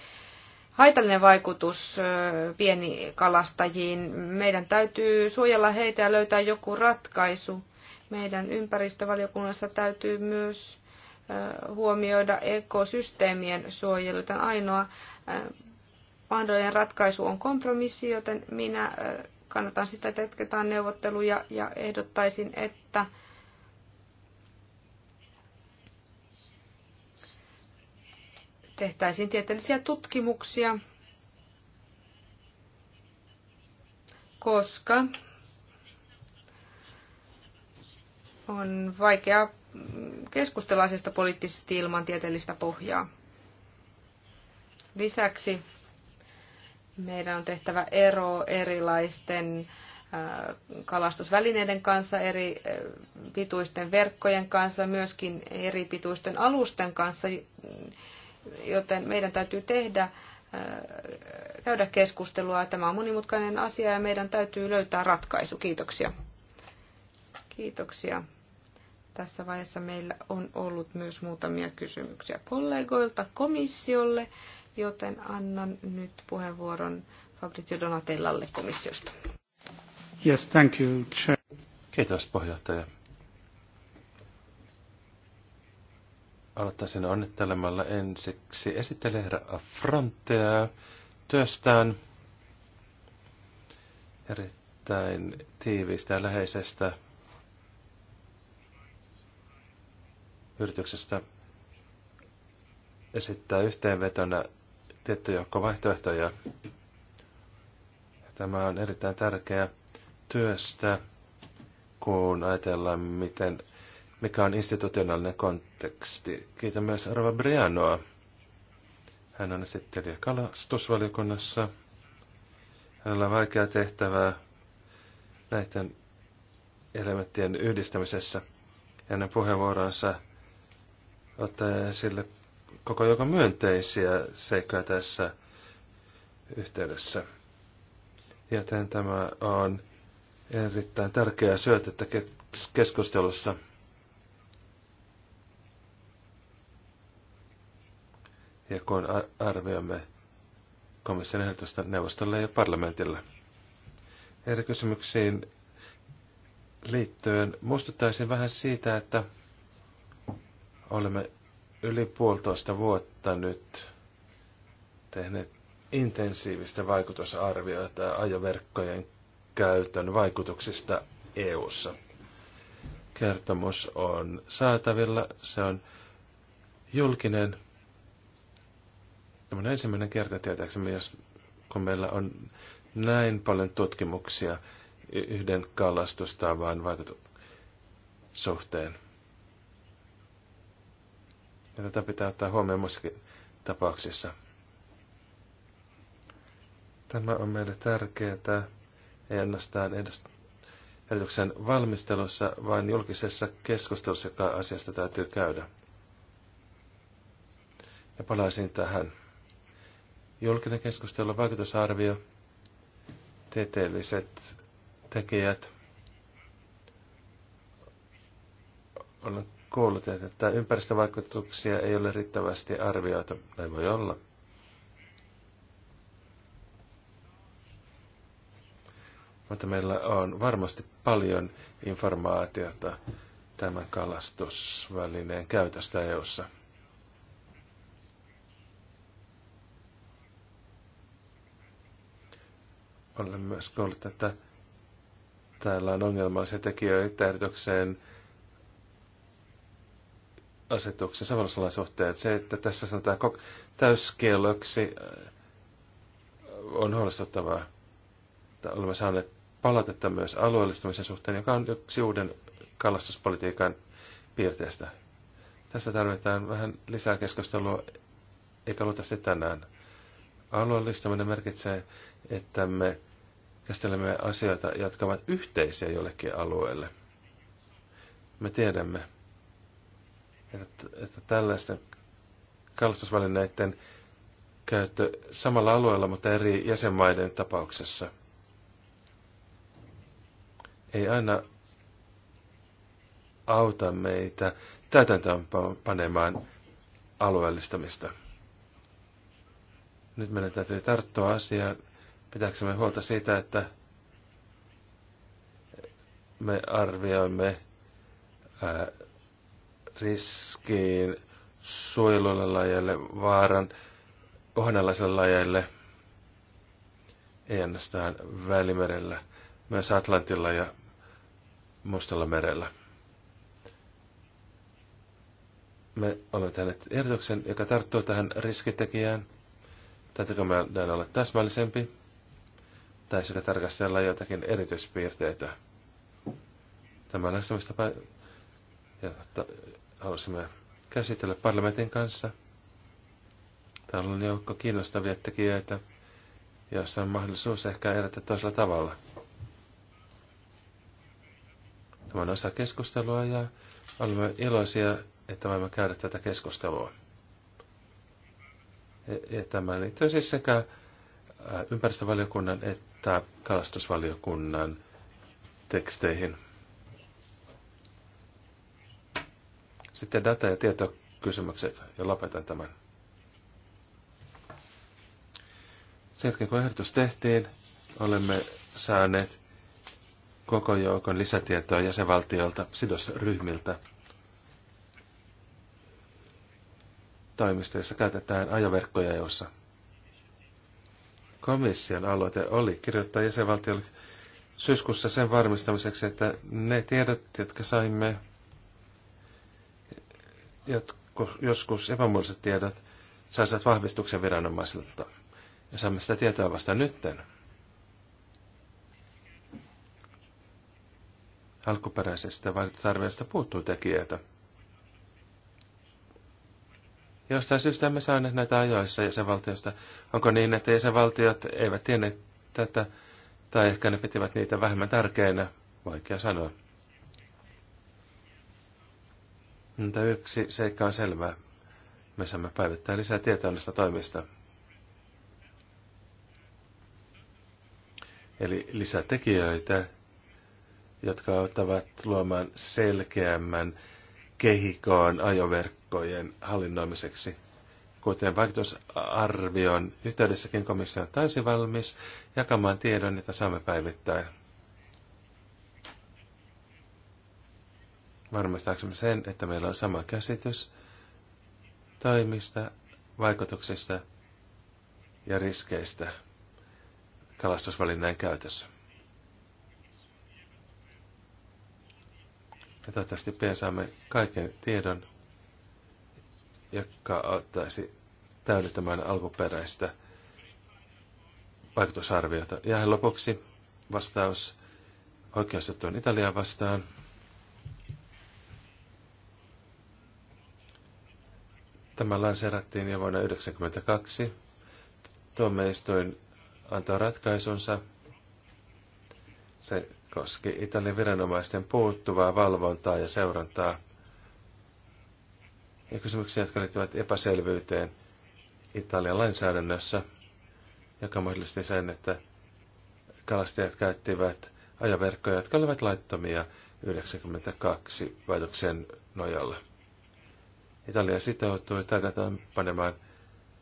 haitallinen vaikutus pienikalastajiin. Meidän täytyy suojella heitä ja löytää joku ratkaisu. Meidän ympäristövaliokunnassa täytyy myös huomioida ekosysteemien suojelu. Tämän ainoa mahdollinen ratkaisu on kompromissi, joten minä Kannatan sitä, että jatketaan neuvotteluja ja ehdottaisin, että tehtäisiin tieteellisiä tutkimuksia, koska on vaikea keskustella asiasta poliittisesti ilman tieteellistä pohjaa. Lisäksi meidän on tehtävä ero erilaisten äh, kalastusvälineiden kanssa, eri äh, pituisten verkkojen kanssa, myöskin eri pituisten alusten kanssa, joten meidän täytyy tehdä äh, käydä keskustelua. Tämä on monimutkainen asia ja meidän täytyy löytää ratkaisu. Kiitoksia. Kiitoksia. Tässä vaiheessa meillä on ollut myös muutamia kysymyksiä kollegoilta komissiolle joten annan nyt puheenvuoron Fabrizio Donatellalle komissiosta. Yes, thank you, Chair. Kiitos puheenjohtaja. Aloittaisin onnittelemalla ensiksi esittelee Frontea työstään erittäin tiiviistä ja läheisestä yrityksestä esittää yhteenvetona tietty joukko vaihtoehtoja. Tämä on erittäin tärkeä työstä, kun ajatellaan, miten, mikä on institutionaalinen konteksti. Kiitän myös Arva Brianoa. Hän on esittelijä kalastusvaliokunnassa. Hänellä on vaikea tehtävää näiden elementtien yhdistämisessä. Hänen puheenvuoronsa ottaa esille koko joka myönteisiä seikkoja tässä yhteydessä. Joten tämä on erittäin tärkeää syötettä keskustelussa. Ja kun arvioimme komission ehdotusta neuvostolle ja parlamentille. Eri kysymyksiin liittyen muistuttaisin vähän siitä, että olemme yli puolitoista vuotta nyt tehneet intensiivistä vaikutusarvioita ajoverkkojen käytön vaikutuksista EU:ssa. Kertomus on saatavilla, se on julkinen. Tämä on ensimmäinen kerta tietääkseni, kun meillä on näin paljon tutkimuksia yhden kalastustavan vaikutuksen suhteen. Ja tätä pitää ottaa huomioon muissakin tapauksissa. Tämä on meille tärkeää, ei ainoastaan ehdotuksen valmistelussa, vaan julkisessa keskustelussa, joka asiasta täytyy käydä. Ja palaisin tähän. Julkinen keskustelu, vaikutusarvio, tieteelliset tekijät. Olen kuullut, että ympäristövaikutuksia ei ole riittävästi arvioitu. Näin voi olla. Mutta meillä on varmasti paljon informaatiota tämän kalastusvälineen käytöstä EU-ssa. Olen myös kuullut, että täällä on ongelmallisia tekijöitä ehdotukseen asetuksen sovellusalan suhteen. Se, että tässä sanotaan kok- täyskielloksi, äh, on huolestuttavaa. Olemme saaneet palautetta myös alueellistamisen suhteen, joka on yksi uuden kalastuspolitiikan piirteestä. Tässä tarvitaan vähän lisää keskustelua, eikä luota sitä tänään. Alueellistaminen merkitsee, että me käsittelemme asioita, jotka ovat yhteisiä jollekin alueelle. Me tiedämme, että, että tällaisten kalastusvälineiden käyttö samalla alueella, mutta eri jäsenmaiden tapauksessa. Ei aina auta meitä täytäntöön panemaan alueellistamista. Nyt meidän täytyy tarttua asiaan, pitääksemme huolta siitä, että me arvioimme ää, riskiin suojelulle lajeille, vaaran uhanalaisille lajeille, ei ainoastaan Välimerellä, myös Atlantilla ja Mustalla merellä. Me olemme tehneet ehdotuksen, joka tarttuu tähän riskitekijään. Täytyykö meidän olla täsmällisempi? Tai sekä tarkastella jotakin erityispiirteitä? Tämä lähestymistapa, halusimme käsitellä parlamentin kanssa. Täällä on joukko kiinnostavia tekijöitä, joissa on mahdollisuus ehkä edetä toisella tavalla. Tämä on osa keskustelua ja olemme iloisia, että voimme käydä tätä keskustelua. Ja tämä liittyy siis sekä ympäristövaliokunnan että kalastusvaliokunnan teksteihin. Sitten data- ja tietokysymykset, ja lopetan tämän. Sen jälkeen kun ehdotus tehtiin, olemme saaneet koko joukon lisätietoa jäsenvaltiolta, sidosryhmiltä, toimistoissa käytetään ajoverkkoja, joissa. komission aloite oli kirjoittaa jäsenvaltiolle syyskuussa sen varmistamiseksi, että ne tiedot, jotka saimme joskus epämuodolliset tiedot saisivat vahvistuksen viranomaisilta. Ja saamme sitä tietoa vasta nytten. Alkuperäisestä vaikutusarvioista puuttuu tekijöitä. Jostain syystä emme saaneet näitä ajoissa jäsenvaltiosta. Onko niin, että jäsenvaltiot eivät tienneet tätä, tai ehkä ne pitivät niitä vähemmän tärkeinä? Vaikea sanoa. Tämä yksi seikka on selvä. Me saamme päivittää lisää tietoa näistä toimista. Eli lisätekijöitä, jotka ottavat luomaan selkeämmän kehikoon ajoverkkojen hallinnoimiseksi. Kuten vaikutusarvion yhteydessäkin komissio on täysin valmis jakamaan tiedon, jota saamme päivittää. varmistaaksemme sen, että meillä on sama käsitys toimista, vaikutuksista ja riskeistä kalastusvälineen käytössä. Ja toivottavasti pian saamme kaiken tiedon, joka auttaisi täydentämään alkuperäistä vaikutusarviota. Ja lopuksi vastaus oikeusjuttuun Italiaan vastaan. Tämä lanseerattiin jo vuonna 1992. Tuomioistuin antoi ratkaisunsa. Se koski Italian viranomaisten puuttuvaa valvontaa ja seurantaa ja kysymyksiä, jotka liittyvät epäselvyyteen Italian lainsäädännössä, joka mahdollisti sen, että kalastajat käyttivät ajaverkkoja, jotka olivat laittomia 92 väitöksen nojalla. Italia sitoutui tätä panemaan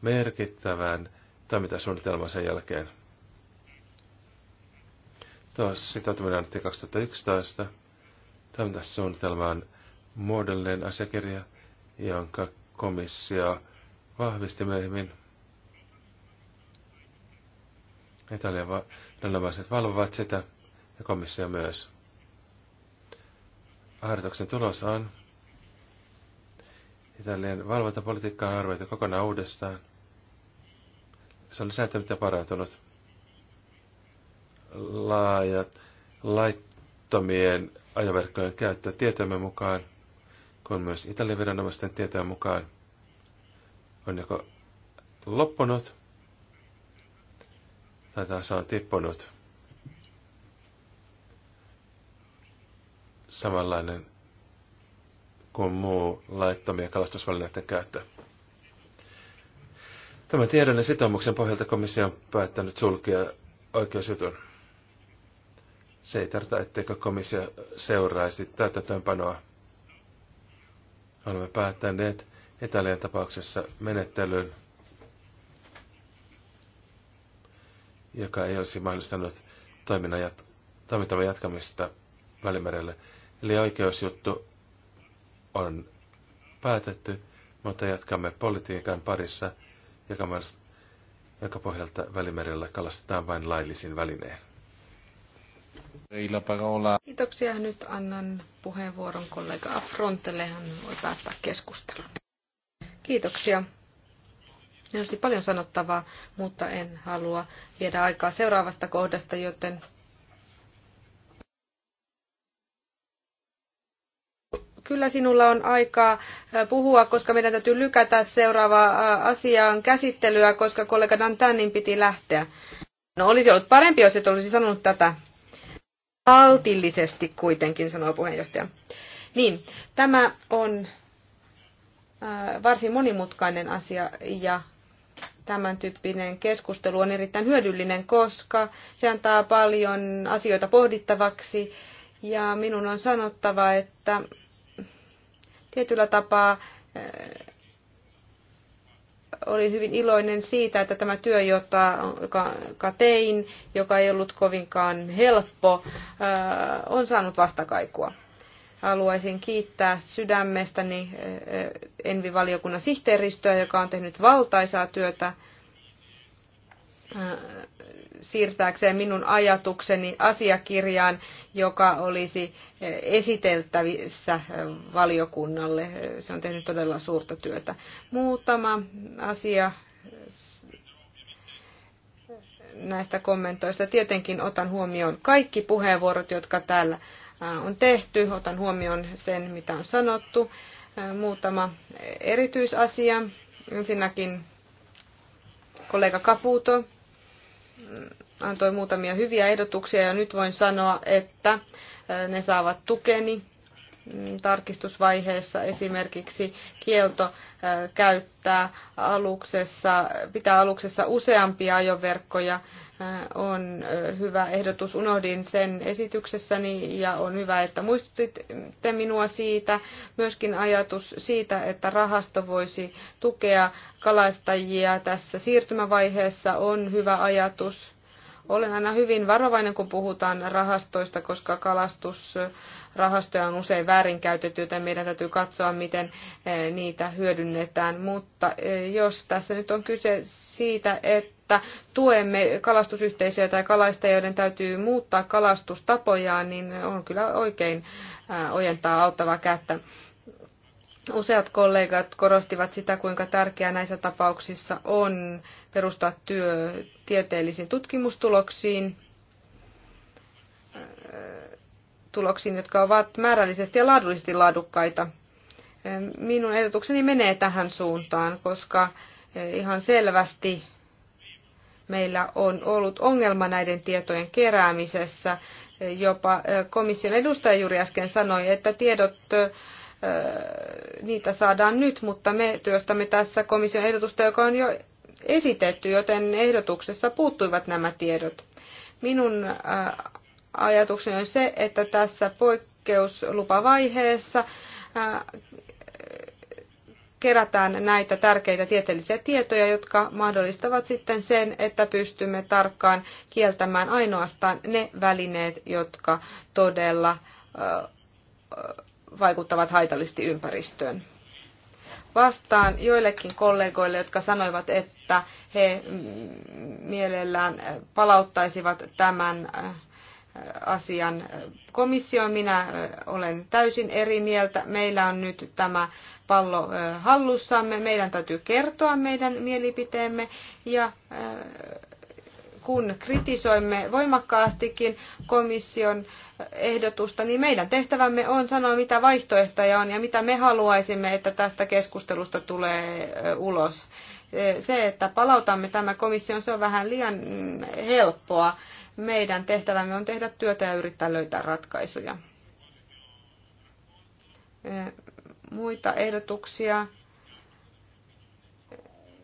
merkittävän toimintasuunnitelman sen jälkeen. Tuossa sitoutuminen annettiin 2011. Toimintasuunnitelma on muodollinen asiakirja, jonka komissio vahvisti myöhemmin. Italian viranomaiset valvovat sitä ja komissio myös. Harjoituksen tulos on Italian valvontapolitiikka on arvioitu kokonaan uudestaan. Se on lisääntynyt ja parantunut. Laajat laittomien ajoverkkojen käyttö tietojemme mukaan, kun myös Italian viranomaisten tietojen mukaan, on joko loppunut tai taas on tippunut. Samanlainen kuin muu laittomia kalastusvälineiden käyttö. Tämän tiedon ja sitoumuksen pohjalta komissio on päättänyt sulkea oikeusjutun. Se ei tarkoita, etteikö komissio seuraisi täytäntöönpanoa. Olemme päättäneet Italian tapauksessa menettelyn, joka ei olisi mahdollistanut toiminnan jat- toimintamme jatkamista Välimerelle. Eli oikeusjuttu on päätetty, mutta jatkamme politiikan parissa, joka, myös, joka pohjalta Välimerellä kalastetaan vain laillisin välineen. Kiitoksia. Nyt annan puheenvuoron kollega Afrontelle. Hän voi päättää keskustelun. Kiitoksia. Olisi paljon sanottavaa, mutta en halua viedä aikaa seuraavasta kohdasta, joten kyllä sinulla on aikaa äh, puhua, koska meidän täytyy lykätä seuraavaa äh, asiaan käsittelyä, koska kollega Dantanin piti lähteä. No olisi ollut parempi, jos et olisi sanonut tätä. Altilisesti kuitenkin, sanoo puheenjohtaja. Niin, tämä on äh, varsin monimutkainen asia ja tämän tyyppinen keskustelu on erittäin hyödyllinen, koska se antaa paljon asioita pohdittavaksi. Ja minun on sanottava, että Tietyllä tapaa äh, olin hyvin iloinen siitä, että tämä työ, jota, joka, tein, joka ei ollut kovinkaan helppo, äh, on saanut vastakaikua. Haluaisin kiittää sydämestäni äh, Envi-valiokunnan sihteeristöä, joka on tehnyt valtaisaa työtä siirtääkseen minun ajatukseni asiakirjaan, joka olisi esiteltävissä valiokunnalle. Se on tehnyt todella suurta työtä. Muutama asia näistä kommentoista. Tietenkin otan huomioon kaikki puheenvuorot, jotka täällä äh, on tehty. Otan huomioon sen, mitä on sanottu. Äh, muutama erityisasia. Ensinnäkin kollega Caputo antoi muutamia hyviä ehdotuksia ja nyt voin sanoa, että ne saavat tukeni mm, tarkistusvaiheessa esimerkiksi kielto käyttää aluksessa, pitää aluksessa useampia ajoverkkoja Äh, on hyvä ehdotus. Unohdin sen esityksessäni ja on hyvä, että muistutitte minua siitä. Myöskin ajatus siitä, että rahasto voisi tukea kalastajia tässä siirtymävaiheessa on hyvä ajatus. Olen aina hyvin varovainen, kun puhutaan rahastoista, koska kalastusrahastoja on usein väärinkäytetty, joten meidän täytyy katsoa, miten eh, niitä hyödynnetään. Mutta eh, jos tässä nyt on kyse siitä, että että tuemme kalastusyhteisöjä tai kalastajia, joiden täytyy muuttaa kalastustapojaan, niin on kyllä oikein ojentaa auttavaa kättä. Useat kollegat korostivat sitä, kuinka tärkeää näissä tapauksissa on perustaa työ tieteellisiin tutkimustuloksiin, tuloksiin, jotka ovat määrällisesti ja laadullisesti laadukkaita. Minun ehdotukseni menee tähän suuntaan, koska ihan selvästi meillä on ollut ongelma näiden tietojen keräämisessä. Jopa komission edustaja juuri äsken sanoi, että tiedot niitä saadaan nyt, mutta me työstämme tässä komission ehdotusta, joka on jo esitetty, joten ehdotuksessa puuttuivat nämä tiedot. Minun ajatukseni on se, että tässä poikkeuslupavaiheessa kerätään näitä tärkeitä tieteellisiä tietoja, jotka mahdollistavat sitten sen, että pystymme tarkkaan kieltämään ainoastaan ne välineet, jotka todella vaikuttavat haitallisesti ympäristöön. Vastaan joillekin kollegoille, jotka sanoivat, että he mielellään palauttaisivat tämän asian komissioon. Minä olen täysin eri mieltä. Meillä on nyt tämä pallo hallussamme. Meidän täytyy kertoa meidän mielipiteemme ja kun kritisoimme voimakkaastikin komission ehdotusta, niin meidän tehtävämme on sanoa, mitä vaihtoehtoja on ja mitä me haluaisimme, että tästä keskustelusta tulee ulos. Se, että palautamme tämä komission, se on vähän liian mm, helppoa meidän tehtävämme on tehdä työtä ja yrittää löytää ratkaisuja. Muita ehdotuksia.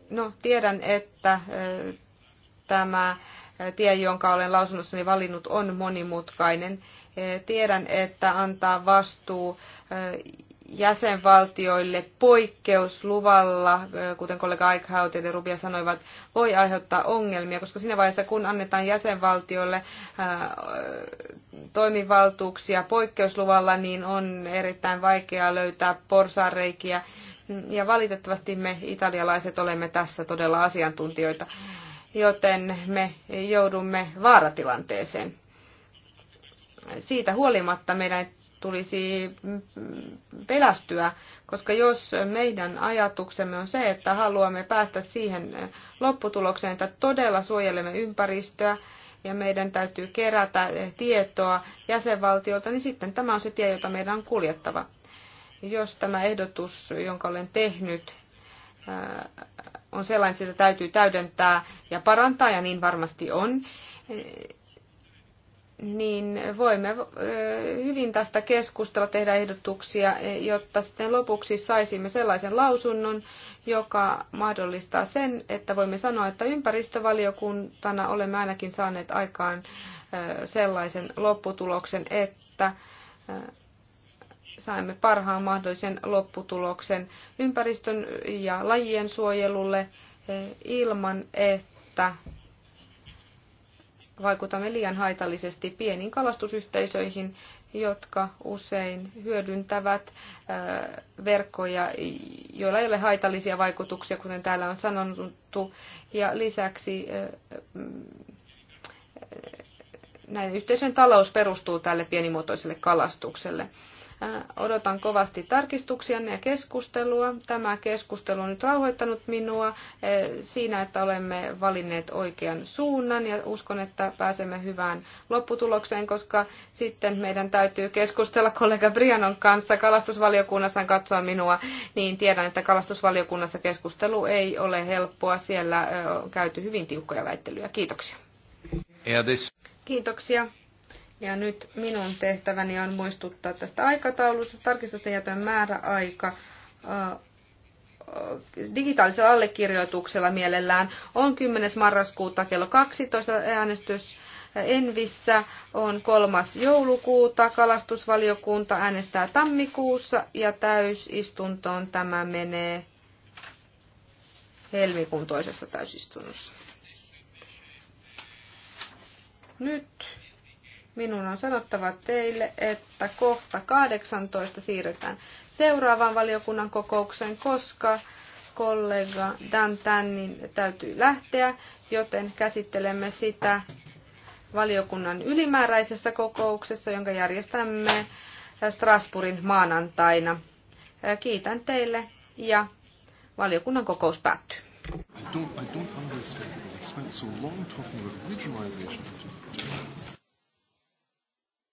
No, tiedän, että tämä tie, jonka olen lausunnossani valinnut, on monimutkainen. Tiedän, että antaa vastuu jäsenvaltioille poikkeusluvalla, kuten kollega Eichhout ja Rubia sanoivat, voi aiheuttaa ongelmia, koska siinä vaiheessa, kun annetaan jäsenvaltioille toimivaltuuksia poikkeusluvalla, niin on erittäin vaikeaa löytää porsaanreikiä. Ja valitettavasti me italialaiset olemme tässä todella asiantuntijoita, joten me joudumme vaaratilanteeseen siitä huolimatta meidän tulisi pelästyä, koska jos meidän ajatuksemme on se, että haluamme päästä siihen lopputulokseen, että todella suojelemme ympäristöä ja meidän täytyy kerätä tietoa jäsenvaltiolta, niin sitten tämä on se tie, jota meidän on kuljettava. Jos tämä ehdotus, jonka olen tehnyt, äh, on sellainen, että sitä täytyy täydentää ja parantaa, ja niin varmasti on, niin voimme hyvin tästä keskustella, tehdä ehdotuksia, e, jotta sitten lopuksi saisimme sellaisen lausunnon, joka mahdollistaa sen, että voimme sanoa, että ympäristövaliokuntana olemme ainakin saaneet aikaan sellaisen lopputuloksen, että saimme parhaan mahdollisen lopputuloksen ympäristön ja lajien suojelulle e, ilman, että vaikutamme liian haitallisesti pieniin kalastusyhteisöihin, jotka usein hyödyntävät verkkoja, joilla ei ole haitallisia vaikutuksia, kuten täällä on sanottu. Ja lisäksi mm, näin yhteisön talous perustuu tälle pienimuotoiselle kalastukselle. Äh, odotan kovasti tarkistuksianne ja keskustelua. Tämä keskustelu on nyt rauhoittanut minua äh, siinä, että olemme valinneet oikean suunnan ja uskon, että pääsemme hyvään lopputulokseen, koska sitten meidän täytyy keskustella kollega Brianon kanssa kalastusvaliokunnassa katsoa minua, niin tiedän, että kalastusvaliokunnassa keskustelu ei ole helppoa. Siellä äh, on käyty hyvin tiukkoja väittelyjä. Kiitoksia. Kiitoksia. Ja nyt minun tehtäväni on muistuttaa tästä aikataulusta. jätön määräaika digitaalisella allekirjoituksella mielellään on 10. marraskuuta kello 12 äänestys. Envissä on 3. joulukuuta, kalastusvaliokunta äänestää tammikuussa ja täysistuntoon tämä menee helmikuun toisessa täysistunnossa. Nyt Minun on sanottava teille, että kohta 18 siirrytään seuraavaan valiokunnan kokoukseen, koska kollega Dan Tannin täytyy lähteä, joten käsittelemme sitä valiokunnan ylimääräisessä kokouksessa, jonka järjestämme Strasbourgin maanantaina. Kiitän teille ja valiokunnan kokous päättyy. I don't, I don't